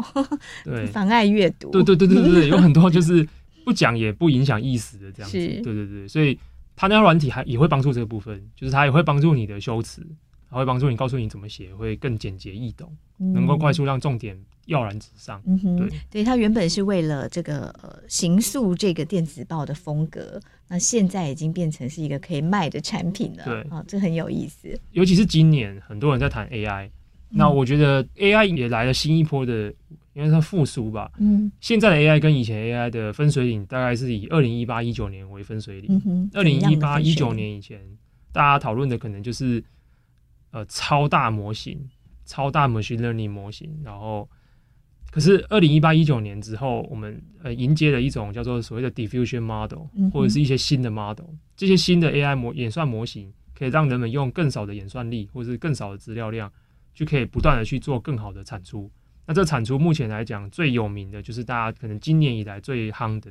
[SPEAKER 2] 對，妨礙閱讀。對對對對對，有很多
[SPEAKER 1] 就是。不講也不影響意思的這樣子，是對對對，所以他那軟體還也會幫助這個部分，就是他也會幫助你的修辭，還會幫助你告訴你怎麼寫會更簡潔易懂，嗯、能夠快速讓重點躍然紙上。嗯
[SPEAKER 2] 哼，對，對，他原本是為了這個、呃、形塑這個電子報的風格，那現在已經變成是一個可以賣的產品了。對啊、哦，這很有意思，
[SPEAKER 1] 尤其是今年很多人在談 AI、嗯、那我覺得 AI 也來了新一波的。因為它復甦吧。嗯，現在的 AI 跟以前 AI 的分水嶺大概是以二零一八一九年為分水嶺。嗯哼。二零一八一九年以前，大家討論的可能就是呃，超大模型、超大 machine learning 模型。然後，可是二零一八一九年之後，我們呃迎接了一種叫做所謂的 diffusion model，或者是一些新的 model。嗯哼。這些新的 AI 模演算模型，可以讓人們用更少的演算力，或者是更少的資料量，就可以不斷的去做更好的產出。那這產出目前來講最有名的就是大家可能今年以來最夯的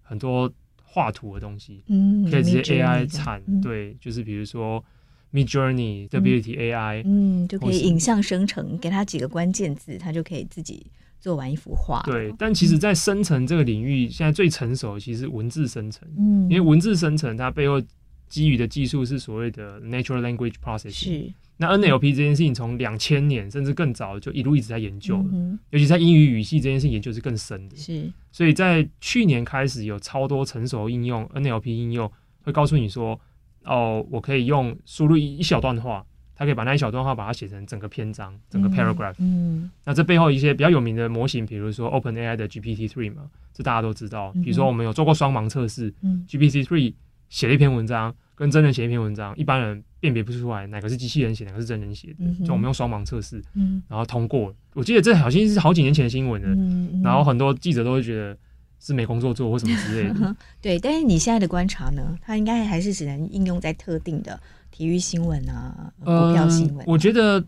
[SPEAKER 1] 很多畫圖的東西，嗯，可以直接 AI 產，對，就是比如說 Midjourney、Stability AI，嗯，就可以影
[SPEAKER 2] 像生成，給他幾個關鍵字，他就可以自己做完一幅畫。對，
[SPEAKER 1] 但其實，在生成這個領域，現在最成熟其實是文字生成，嗯，因為文字生成它背後基於的技術是所謂的 Natural Language Processing。那 NLP 這件事情，從兩千年甚至更早就一路一直在研究了、嗯、哼尤其在英語語系這件事情研究是更深的。是所以在去年開始有超多成熟的應用 NLP 應用，會告訴你說，哦，我可以用輸入一小段話，它可以把那一小段話把它寫成整個篇章，整個 paragraph。嗯嗯、那這背後一些比較有名的模型，比如說 OpenAI 的 GPT Three 嘛，這大家都知道。比如說我們有做過雙盲測試、嗯，嗯，GPT Three 寫了一篇文章。跟真人寫一篇文章，一般人辨別不出來哪個是機器人寫，哪個是真人寫的。嗯、哼就我們用雙盲測試，嗯、哼然後通過。我記得這好像是好幾年前的新聞
[SPEAKER 3] 了。嗯、哼然後
[SPEAKER 1] 很多記者都會覺得是沒工作做或什麼之類的。
[SPEAKER 2] *laughs* 對，但是你現在的觀察呢？它應該還是只能應用在特定的體育新聞啊、股票
[SPEAKER 1] 新聞、啊嗯。我覺得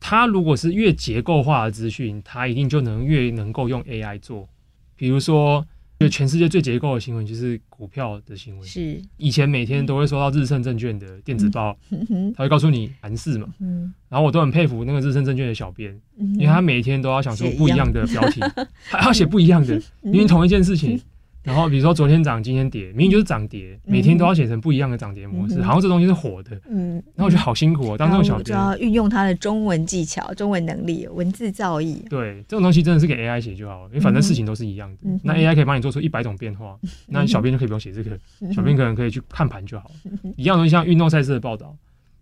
[SPEAKER 1] 它如果是越結構化的資訊，它一定就能越能夠用 AI 做。比如說。全世界最結構的新聞就是股票的新聞。是以前每天都會收到日盛證券的電子報，他、嗯、會告訴你盤勢嘛，嗯、然後我都很佩服那個日盛證券的小編，嗯、因為他每天都要想出不一樣的標題，一 *laughs* 還要寫不一樣的，嗯、因為同一件事情，然後比如說昨天漲今天跌，明明就是漲跌，每天都要寫成不一樣的漲跌模式，好像這東西是火的。嗯，那我覺得好辛苦哦。然後我們就要
[SPEAKER 2] 運用它的中文技巧、中文能力、文字造
[SPEAKER 1] 詣。對，這種東西真的是給 AI 寫就好，因為反正事情都是一樣的。那 AI 可以幫你做出一百種變化，那小編就可以不用寫這個，小編可能可以去看盤就好了。一樣東西像運動賽事的報道，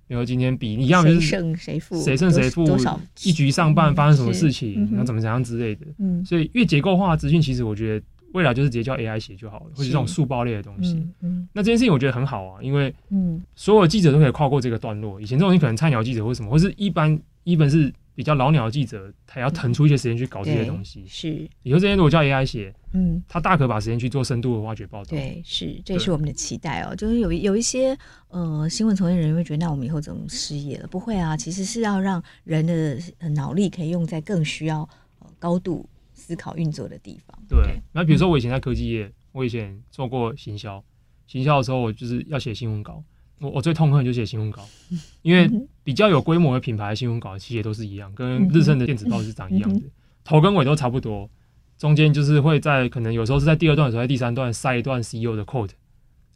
[SPEAKER 1] 比如今天比一樣就是誰勝誰負，誰勝誰負多少，一局上半發生什麼事情，然後怎麼怎樣之類的。嗯，所以越結構化的資訊，其實我覺得。未來就是直接叫 AI 寫就好了，或者是這種速報類的東西。嗯，嗯，那這件事情我覺得很好啊，因為嗯，所有記者都可以跨過這個段落。嗯、以前這種人可能菜鳥記者或什麼，或是一般一般是比較老鳥的記者，他也要騰出一些時間去搞、嗯、這些東西。是，以後這件事如果叫 AI 寫，嗯，他大可把時間去做深度的挖掘報道。對，
[SPEAKER 2] 是對，這也是我們的期待哦、喔。就是有有一些呃新聞從業人員會覺得，那我們以後怎麼失業了？不會啊，其實是要讓人的腦力可以用在更需要、呃、高度。思考運作的地方。
[SPEAKER 1] 對，對，那比如說我以前在科技業，我以前做過行銷，行銷的時候我就是要寫新聞稿，我我最痛恨的就是寫新聞稿，因為比較有規模的品牌的新聞稿，其實也都是一樣，跟日盛的電子報是長一樣的，嗯、哼頭跟尾都差不多，嗯、哼中間就是會在可能有時候是在第二段，有時候在第三段塞一段 CEO 的 quote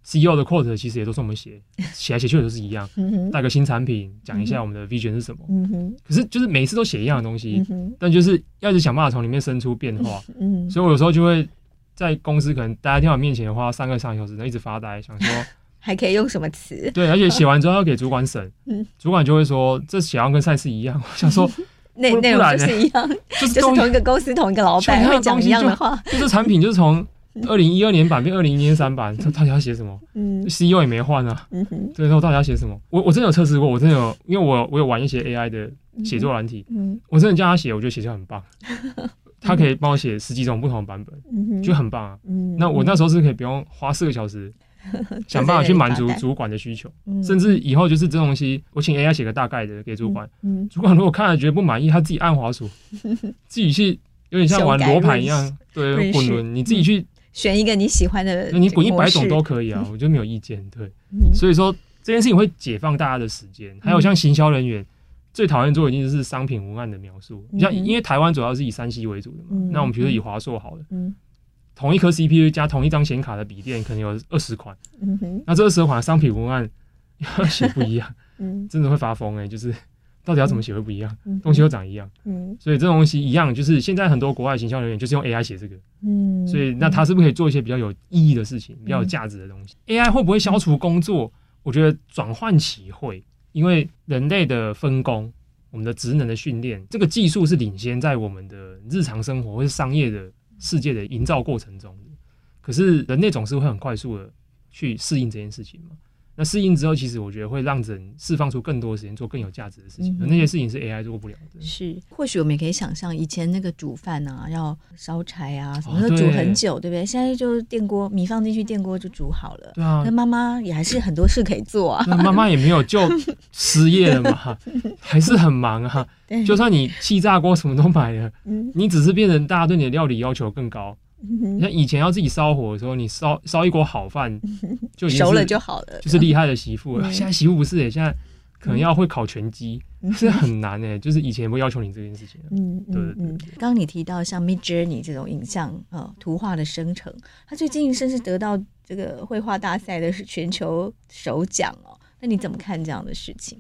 [SPEAKER 1] CEO 的 quote 其實也都是我們寫，寫來寫去都是一樣，帶個新產品，講一下我們的 vision 是什麼。可是就是每次都寫一樣的東西，但就是要一直想辦法從裡面生出變化。所以我有時候就會在公司可能大家聽到面前的話三個、三個小時，一直發呆，想說
[SPEAKER 2] 還可以用什麼詞？對，而且寫
[SPEAKER 1] 完之後要給主管審，主管就會說這寫完跟上次一樣，想說內內容就是一樣，就是同一
[SPEAKER 2] 個公司、同一個老闆會講一樣
[SPEAKER 1] 的話，就是產品就是從。二零一二年版跟二零一三版，他到底要寫什麼？嗯，CEO 也沒換啊。嗯哼，所以說到底要寫什麼？我我真有測試過，我真有，因為我我有玩一些 AI 的寫作軟體。嗯，我真的叫他寫，我覺得寫就很棒。他可以幫我寫十幾種不同版本，就很棒啊。嗯，那我那時候是可以不用花四個小時，
[SPEAKER 3] 想辦法去滿足主
[SPEAKER 1] 管的需求，甚至以後就是這東西，我請 AI 寫個大概的給主管。嗯，主管如果看了覺得不滿意，他自己按滑鼠，自己去，有點像玩羅盤一樣，對，滾輪，你自己去。
[SPEAKER 2] 選一個你喜歡的，你滾一百種都
[SPEAKER 1] 可以啊，我就沒有意見。對，嗯、哼所以說這件事情會解放大家的時間。還有像行銷人員、嗯、最討厭做的一定是商品文案的描述。你、嗯、哼像，因為台灣主要是以 3C 為主的嘛，嗯、哼那我們比如說以華碩好了，嗯、哼同一顆 CPU 加同一張顯卡的筆電，可能有二十款，嗯、哼那這二十款商品文案要寫、嗯、哼 *laughs* 不一樣，真的會發瘋哎、欸，就是。到底要怎麼寫會不一樣？嗯、東西又長一樣，嗯、所以這種東西一樣，就是現在很多國外形象人員，就是用 AI 寫這個，嗯、所以那它是不是可以做一些比較有意義的事情，比較有價值的東西、嗯、？AI 會不會消除工作？我覺得轉換期會，因為人類的分工，我們的職能的訓練，這個技術是領先在我們的日常生活或是商業的世界的營造過程中的。可是人類總是會很快速的去適應這件事情嘛。那適應之後，其實我覺得會讓人釋放出更多時間做更有價值的事情的。嗯、哼那些事情是 AI 做不了
[SPEAKER 2] 的。是，或許我們也可以想象，以前那個煮飯啊，要燒柴啊什麼，煮很久，啊、對，對不對？現在就電鍋，米放進去，電鍋就煮好了。那媽媽也還是很多事可以做啊。那媽媽也
[SPEAKER 1] 沒有就失業了嘛？ *laughs* 還是很忙啊。對就算你氣炸鍋，什麼都買了，嗯、你只是變成大家對你的料理要求更高。嗯、以前要自己燒火的時候，你燒燒一鍋好飯，就熟了就好了，就是厲害的媳婦了。嗯、哼現在媳婦不是哎，現在可能要會烤全雞，嗯、哼是很難哎。就是以前不要求你這件事情。嗯哼，
[SPEAKER 3] 對，對，
[SPEAKER 2] 對。嗯，剛你提到像 Midjourney 這種影像啊、哦、圖畫的生成，他最近甚至得到這個繪畫大賽的全球首獎哦。那你怎麼看這樣的
[SPEAKER 1] 事情、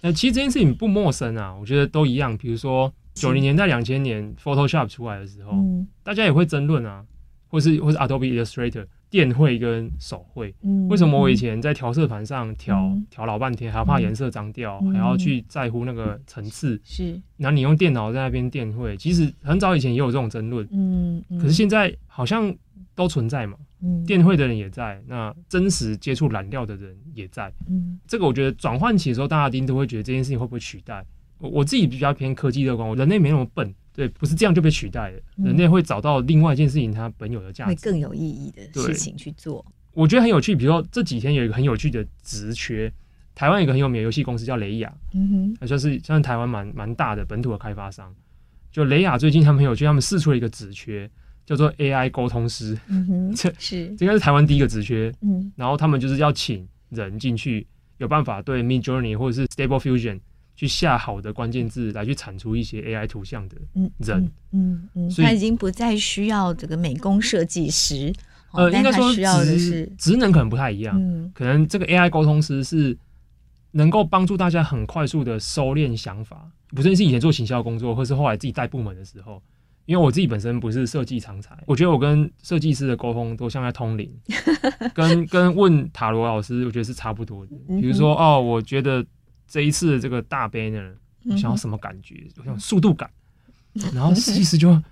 [SPEAKER 1] 呃？其實這件事情不陌生啊，我覺得都一樣。比如說。九零、是、年代、兩千年，Photoshop 出來的時候，嗯、大家也會爭論啊，或是或是 Adobe Illustrator，電繪跟手繪，嗯、為什麼我以前在調色盤上調調、嗯、老半天，還要怕顏色髒掉，嗯、還要去在乎那個層次、嗯。是，那你用電腦在那邊電繪，其實很早以前也有這種爭論、嗯，嗯，可是現在好像都存在嘛，嗯、電繪的人也在，那真實接觸染料的人也在，嗯，這個我覺得轉換期的時候，大家一定都會覺得這件事情會不會取代？我我自己比較偏科技樂觀，我人類沒那麼笨，對，不是這樣就被取代的。嗯、人類會找到另外一件事情它本有的價值，會
[SPEAKER 2] 更有意義的事情去做。
[SPEAKER 1] 我覺得很有趣，比如說這幾天有一個很有趣的職缺，台灣有一個很有名的遊戲公司叫雷亞，嗯哼，算是像台灣蠻蠻大的本土的開發商。就雷亞最近他們有趣，他們釋出了一個職缺，叫做 AI 溝通師，
[SPEAKER 3] 這是
[SPEAKER 1] 應該是台灣第一個職缺，嗯嗯、然後他們就是要請人進去，有辦法對 Mid Journey 或者是 Stable Fusion。去下好的關鍵字來去產出一些 AI 圖像的人，嗯嗯，嗯嗯，所以他已經
[SPEAKER 2] 不再需要這個美工設計師，但他需要的
[SPEAKER 1] 是，呃，應該說職職能可能不太一樣，嗯、可能這個 AI 溝通師是能夠幫助大家很快速的收斂想法。不論是以前做行銷工作，或是後來自己帶部門的時候，因為我自己本身不是設計長才，我覺得我跟設計師的溝通都像在通靈， *laughs* 跟跟問塔羅老師，我覺得是差不多的。比如說、嗯、哼哦，我覺得。這一次這個大 banner 想要什麼感覺？我想要速度感，然後設計師就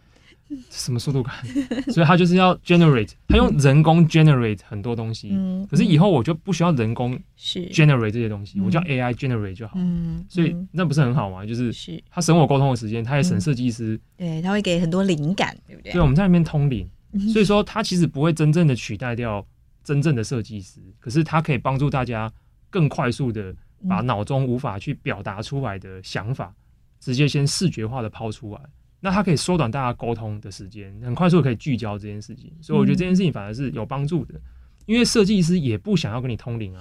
[SPEAKER 1] 什麼速度感？所以他就是要 generate，他用人工 generate 很多東西。可是以後我就不需要人工 generate 這些東西，我叫 AI generate 就好。所以那不是很好嗎？就是他省我溝通的時間，他也省設計師。
[SPEAKER 2] 對，他會給很多靈感，對不對？對，我們在
[SPEAKER 1] 那邊通靈。所以說，他其實不會真正的取代掉真正的設計師，可是他可以幫助大家更快速的。把腦中無法去表達出來的想法，嗯、直接先視覺化的拋出來，那它可以縮短大家溝通的時間，很快速可以聚焦這件事情。所以我覺得這件事情反而是有幫助的，嗯、因為設計師也不想要跟你通靈啊，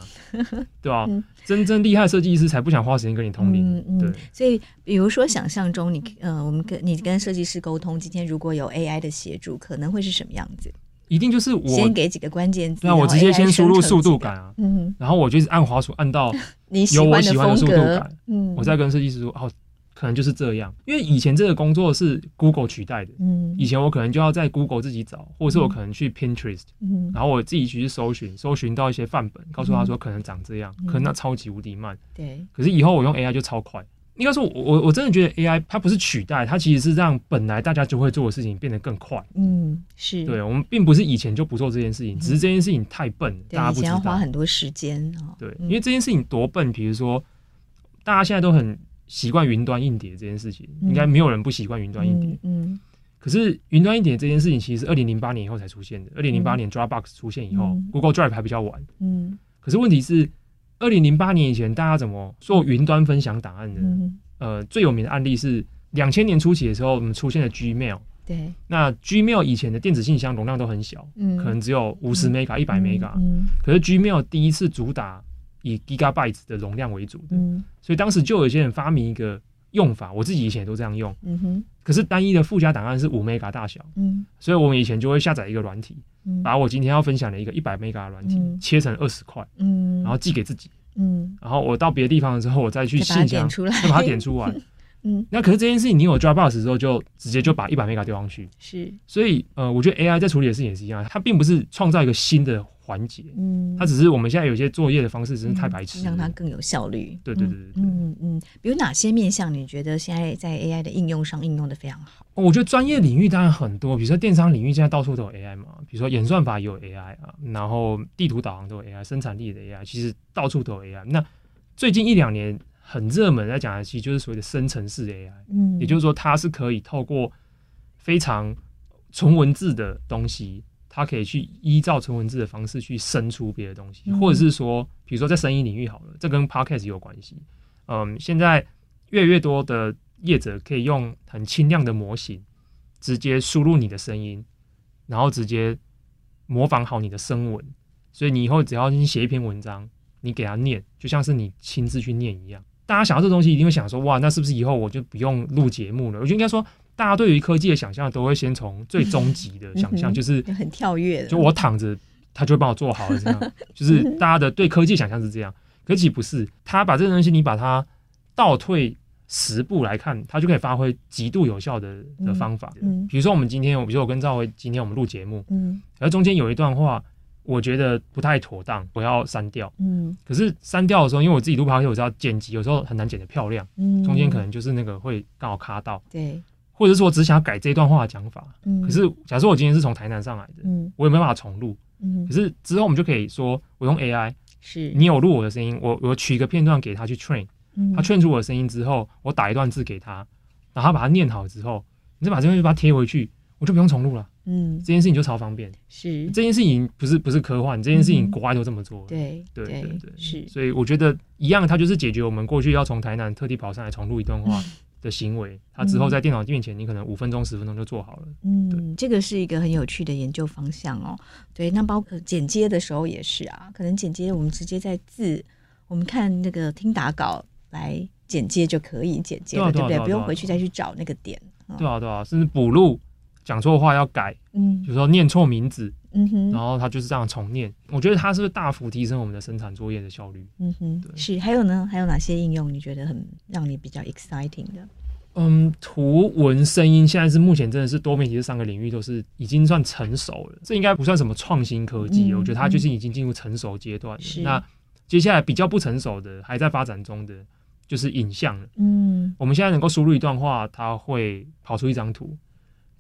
[SPEAKER 1] 對吧？真正厲害設計師才不想花時間跟你通靈、嗯。嗯嗯。對。
[SPEAKER 2] 所以，比如說想象中你呃，我們跟你跟設計師溝通，今天如果有 AI 的協助，可能會是什麼樣子？
[SPEAKER 1] 一定就是我先給
[SPEAKER 2] 幾個關鍵字，我直接先輸入速度感
[SPEAKER 1] 啊，然後我就是按滑鼠按到有我喜歡的速度感。我再跟設計師說，哦、啊，可能就是這樣，因為以前這個工作是 Google 取代的，嗯、哼以前我可能就要在 Google 自己找，或者是我可能去 Pinterest，、嗯、哼然後我自己去，去搜尋，搜尋到一些範本，告訴他說可能長這樣，嗯、哼可能那超級無敵慢，嗯、可是以後我用 AI 就超快。應該說我，我我真的覺得 AI 它不是取代，它其實是讓本來大家就會做的事情變得更快。嗯，
[SPEAKER 3] 是。對
[SPEAKER 1] 我們並不是以前就不做這件事情，嗯、只是這件事情太笨，對大家不知道。以前要花
[SPEAKER 2] 很多時間、哦、
[SPEAKER 1] 對，嗯、因為這件事情多笨。比如說，大家現在都很習慣雲端硬碟這件事情，嗯、應該沒有人不習慣雲端硬碟。嗯。嗯可是雲端硬碟這件事情，其實是二零零八年以後才出現的。二零零八年 Dropbox 出現以後、嗯、，Google Drive 還比較晚。
[SPEAKER 3] 嗯。
[SPEAKER 1] 可是問題是。二零零八年以前，大家怎麼做雲端分享檔案的？嗯哼。呃，最有名的案例是兩千年初期的時候，我們出現了
[SPEAKER 3] Gmail。
[SPEAKER 1] 對，那 Gmail 以前的電子信箱容量都很小，嗯、可能只有五十 mega、一百 mega、嗯、可是 Gmail 第一次主打以 gigabytes 的容量為主的，嗯、所以當時就有些人發明一個用法，我自己以前也都這樣用。嗯可是單一的附加檔案是五 mega 大小，嗯，所以我們以前就會下載一個軟體，嗯，把我今天要分享的一個一百 mega 的軟體切成二十塊，嗯，然後寄給自己，嗯，然後我到別的地方的時候，我再去信箱，就把它點出來，出
[SPEAKER 3] 來 *laughs* 嗯，
[SPEAKER 1] 那可是這件事情，你有 Dropbox 之後就直接就把一百 mega 丟上去，是，所以呃，我覺得 AI 在處理的事情也是一樣，它並不是創造一個新的。環節，嗯，它只是我們現在有些作業的方式，真是太白痴，讓它更有效率。對對對嗯嗯，
[SPEAKER 2] 比如哪些面向，你覺得現在在 AI 的應用上應用的非常好？
[SPEAKER 1] 我覺得專業領域當然很多，比如說電商領域現在到處都有 AI 嘛，比如說演算法也有 AI 啊，然後地圖導航都有 AI，生產力的 AI 其實到處都有 AI。那最近一兩年很熱門在講的，其實就是所謂的生成式 AI，嗯，也就是說它是可以透過非常純文字的東西。他可以去依照純文字的方式去生出別的東西，嗯、或者是說，比如說在聲音領域好了，這跟 podcast 有關係。嗯，現在越來越多的業者可以用很輕量的模型，直接輸入你的聲音，然後直接模仿好你的聲紋。所以你以後只要你寫一篇文章，你給他念，就像是你親自去念一樣。大家想到這東西，一定會想說，哇，那是不是以後我就不用錄節目了？我就應該說。大家對於科技的想象，都會先從最終極的想象，就是
[SPEAKER 2] 很跳躍的，就我
[SPEAKER 1] 躺着，他就會幫我做好了。這樣，就是大家的對科技想象是這樣，可是其實不是，他把這個東西，你把它倒退十步來看，他就可以發揮極度有效的的方法。比如說我們今天，我比如說我跟兆徽今天我們錄節目，嗯，而中間有一段話，我覺得不太妥當，我要刪掉，嗯，可是刪掉的時候，因為我自己錄旁白，我知道剪輯有時候很難剪得漂亮，嗯，中間可能就是那個會剛好卡到，對。或者說，我只想要改這一段話的講法。可是假設我今天是從台南上來的，我也沒辦法重錄。可是之後我們就可以說，我用 AI，是，你有錄我的聲音，我我取一個片段給他去 train，他 train 出我的聲音之後，我打一段字給他，然後他把它念好之後，你再把這段就把它貼回去，我就不用重錄了。嗯，這件事情就超方便。是，這件事情不是不是科幻，這件事情國外都這麼做。對，對，對，是，所以我覺得一樣，它就是解決我們過去要從台南特地跑上來重錄一段話。的行為，他、啊、之後在電腦面前，你可能五分鐘、十、嗯、分鐘就做好了。嗯，
[SPEAKER 2] 這個是一個很有趣的研究方向哦。對，那包括剪接的時候也是啊，可能剪接我們直接在字，我們看那個聽打稿來剪接就可以剪接了，嗯、對不對？嗯、不用回去再去找那個點。對
[SPEAKER 1] 啊對啊，嗯、甚至補錄講錯話要改，嗯，就是說念錯名字。嗯哼，然後它，就是這樣重念，我覺得它是不是大幅提升我們的生產作業的效率？嗯
[SPEAKER 2] 哼，對是。還有呢？還有哪些應用你覺得很讓你比較 exciting 的？
[SPEAKER 1] 嗯，圖文聲音現在是目前真的是多面，其實三個領域都是已經算成熟了，這應該不算什麼創新科技，嗯，我覺得它就是已經進入成熟階段了。嗯，那接下來比較不成熟的，還在發展中的就是影像。嗯，我們現在能夠輸入一段話，它會跑出一張圖。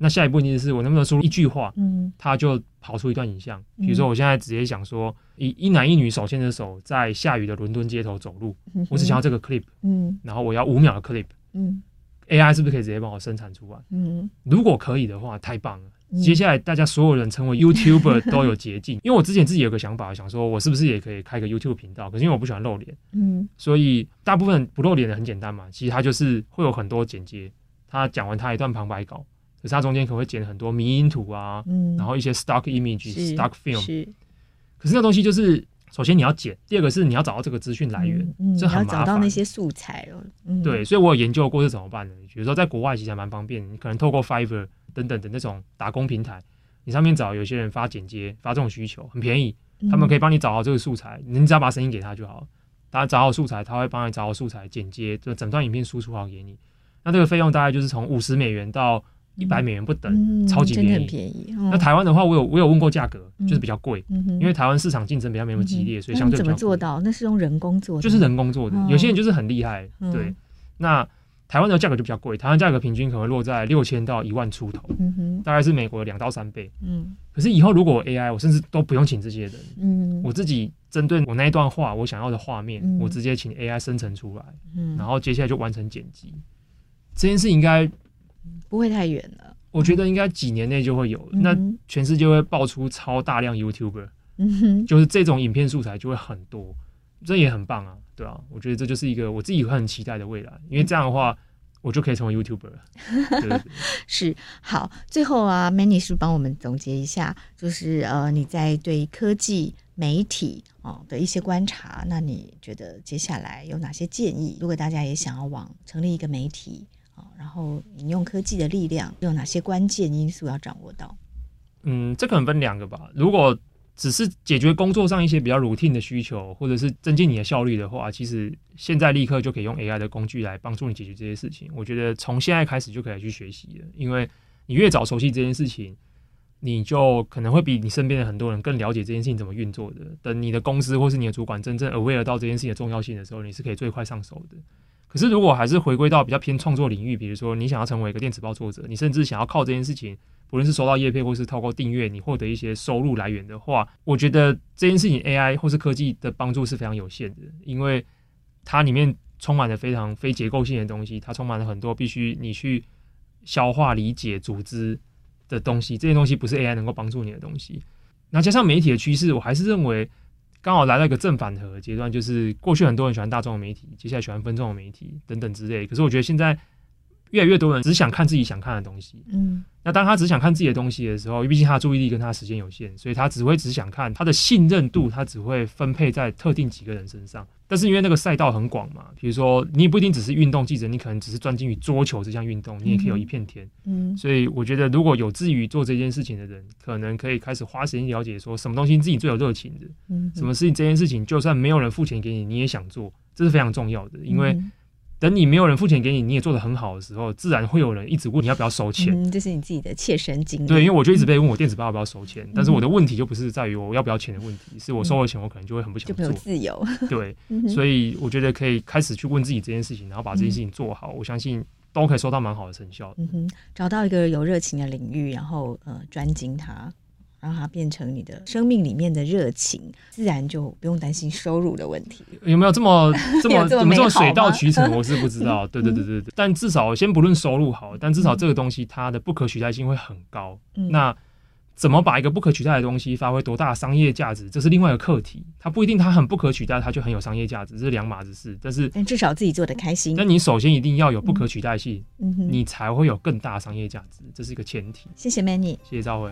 [SPEAKER 1] 那下一步問題是我能不能輸入一句話，嗯，他就跑出一段影像。嗯、比如說，我現在直接想說，一一男一女手牽着手在下雨的倫敦街頭走路，嗯、我只想要這個 clip，嗯，然後我要五秒的 clip，嗯，AI 是不是可以直接幫我生產出來？嗯，如果可以的話，太棒了。嗯、接下來大家所有人成為 YouTuber 都有捷徑，嗯、 *laughs* 因為我之前自己有個想法，想說我是不是也可以開個 YouTube 頻道？可是因為我不喜歡露臉，嗯，所以大部分不露臉的很簡單嘛，其實他就是會有很多剪接，他講完他一段旁白稿。可是它中間可能會剪很多迷因圖啊，嗯、然後一些 stock image 是、stock film，是。可是那東西就是，首先你要剪，第二個是你要找到這個資訊來源，嗯，這、嗯、很麻煩。找到那
[SPEAKER 2] 些素材、嗯、對，
[SPEAKER 1] 所以我有研究過是怎麼辦呢？比如說在國外其實還蠻方便，你可能透過 Fiverr 等等的那種打工平台，你上面找有些人發剪接、發這種需求，很便宜，他們可以幫你找到這個素材，嗯、你只要把聲音給他就好了。他找好素材，他會幫你找好素材剪接，就整段影片輸出好給你。那這個費用大概就是從五十美元到。一百美元不等，超級便宜。真的便宜。那台灣的話，我有我有問過價格，就是比較貴，因為台灣市場競爭比較沒有激烈，所以相對怎麼做
[SPEAKER 2] 到？那是用人工做的。就是人工做的，有些人就
[SPEAKER 1] 是很厲害。對，那台灣的價格就比較貴，台灣價格平均可能落在六千到一萬出頭，大概是美國的兩到三倍。可是以後如果 AI，我甚至都不用請這些人，我自己針對我那一段話，我想要的畫面，我直接請 AI 生成出來，然後接下來就完成剪輯，這件事應該。嗯、不會太遠了，我覺得應該幾年內就會有，嗯、那全世界會爆出超大量 YouTuber，、
[SPEAKER 3] 嗯、哼
[SPEAKER 1] 就是這種影片素材就會很多，這也很棒啊，對啊，我覺得這就是一個我自己會很期待的未來，因為這樣的話我就可以成為 YouTuber 了。
[SPEAKER 2] 是好，最後啊，Manny 是不是幫我們總結一下，就是呃你在對科技媒體啊、哦、的一些觀察，那你覺得接下來有哪些建議？如果大家也想要往成立一個媒體。啊，然後你用科技的力量，有哪些關鍵因素要掌握到？
[SPEAKER 1] 嗯，這可能分兩個吧。如果只是解決工作上一些比較 routine 的需求，或者是增進你的效率的話，其實現在立刻就可以用 AI 的工具來幫助你解決這些事情。我覺得從現在開始就可以去學習了，因為你越早熟悉這件事情，你就可能會比你身邊的很多人更了解這件事情怎麼運作的。等你的公司或是你的主管真正 aware 到這件事情的重要性的時候，你是可以最快上手的。可是，如果還是回歸到比較偏創作領域，比如說你想要成為一個電子報作者，你甚至想要靠這件事情，不論是收到業配，或是透過訂閱，你獲得一些收入來源的話，我覺得這件事情 AI 或是科技的幫助是非常有限的，因為它裡面充滿了非常非結構性的東西，它充滿了很多必須你去消化、理解、組織的東西，這些東西不是 AI 能夠幫助你的東西。那加上媒體的趨勢，我還是認為。剛好來了一個正反合階段，就是過去很多人喜歡大眾的媒體，接下來喜歡分眾的媒體，等等之類的。可是我覺得現在。越來越多人只想看自己想看的東西。
[SPEAKER 3] 嗯，
[SPEAKER 1] 那當他只想看自己的東西的時候，畢竟他的注意力跟他時間有限，所以他只會只想看他的信任度，他只會分配在特定幾個人身上。嗯嗯、但是因為那個賽道很廣嘛，比如說你不一定只是運動記者，你可能只是專精於桌球這項運動，你也可以有一片天。嗯，嗯，所以我覺得如果有志於做這件事情的人，可能可以開始花時間了解說什麼東西自己最有熱情的，嗯、哼什麼事情這件事情就算沒有人付錢給你，你也想做，這是非常重要的，因為、嗯。等你沒有人付錢給你，你也做得很好的時候，自然會有人一直問你要不要收錢。
[SPEAKER 2] 這、嗯，就是你自己的切身經歷。對，因為我就一直被問我電
[SPEAKER 1] 子報要不要收錢，嗯、但是我的問題就不是在於我要不要錢的問題，嗯、是我收了錢，我可能就會很不想做，就沒有自由。對，嗯、哼所以我覺得可以開始去問自己這件事情，然後把這件事情做好，嗯、我相信都可以收到蠻好的成效。
[SPEAKER 2] 嗯哼，找到一個有熱情的領域，然後呃，專精它。然後它變成你的生命裡面的熱情，自然就不用擔心收入的問題。
[SPEAKER 1] 有沒有這麼這麼， *laughs* 有這麼怎麼這麼水到渠成？ *laughs* 我是不知道。 *laughs* 嗯、對對對對，對，對但至少先不論收入好，但至少這個東西它的不可取代性會很高。嗯、那怎麼把一個不可取代的東西發揮多大的商業價值？這是另外一個課題。它不一定，它很不可取代，它就很有商業價值，這是兩碼子事。但是但、嗯、至
[SPEAKER 2] 少自己做得開心。但你
[SPEAKER 1] 首先一定要有不可取代性，嗯、哼你才會有更大的商業價值，這是一個前提。謝謝 Manny，謝謝兆徽。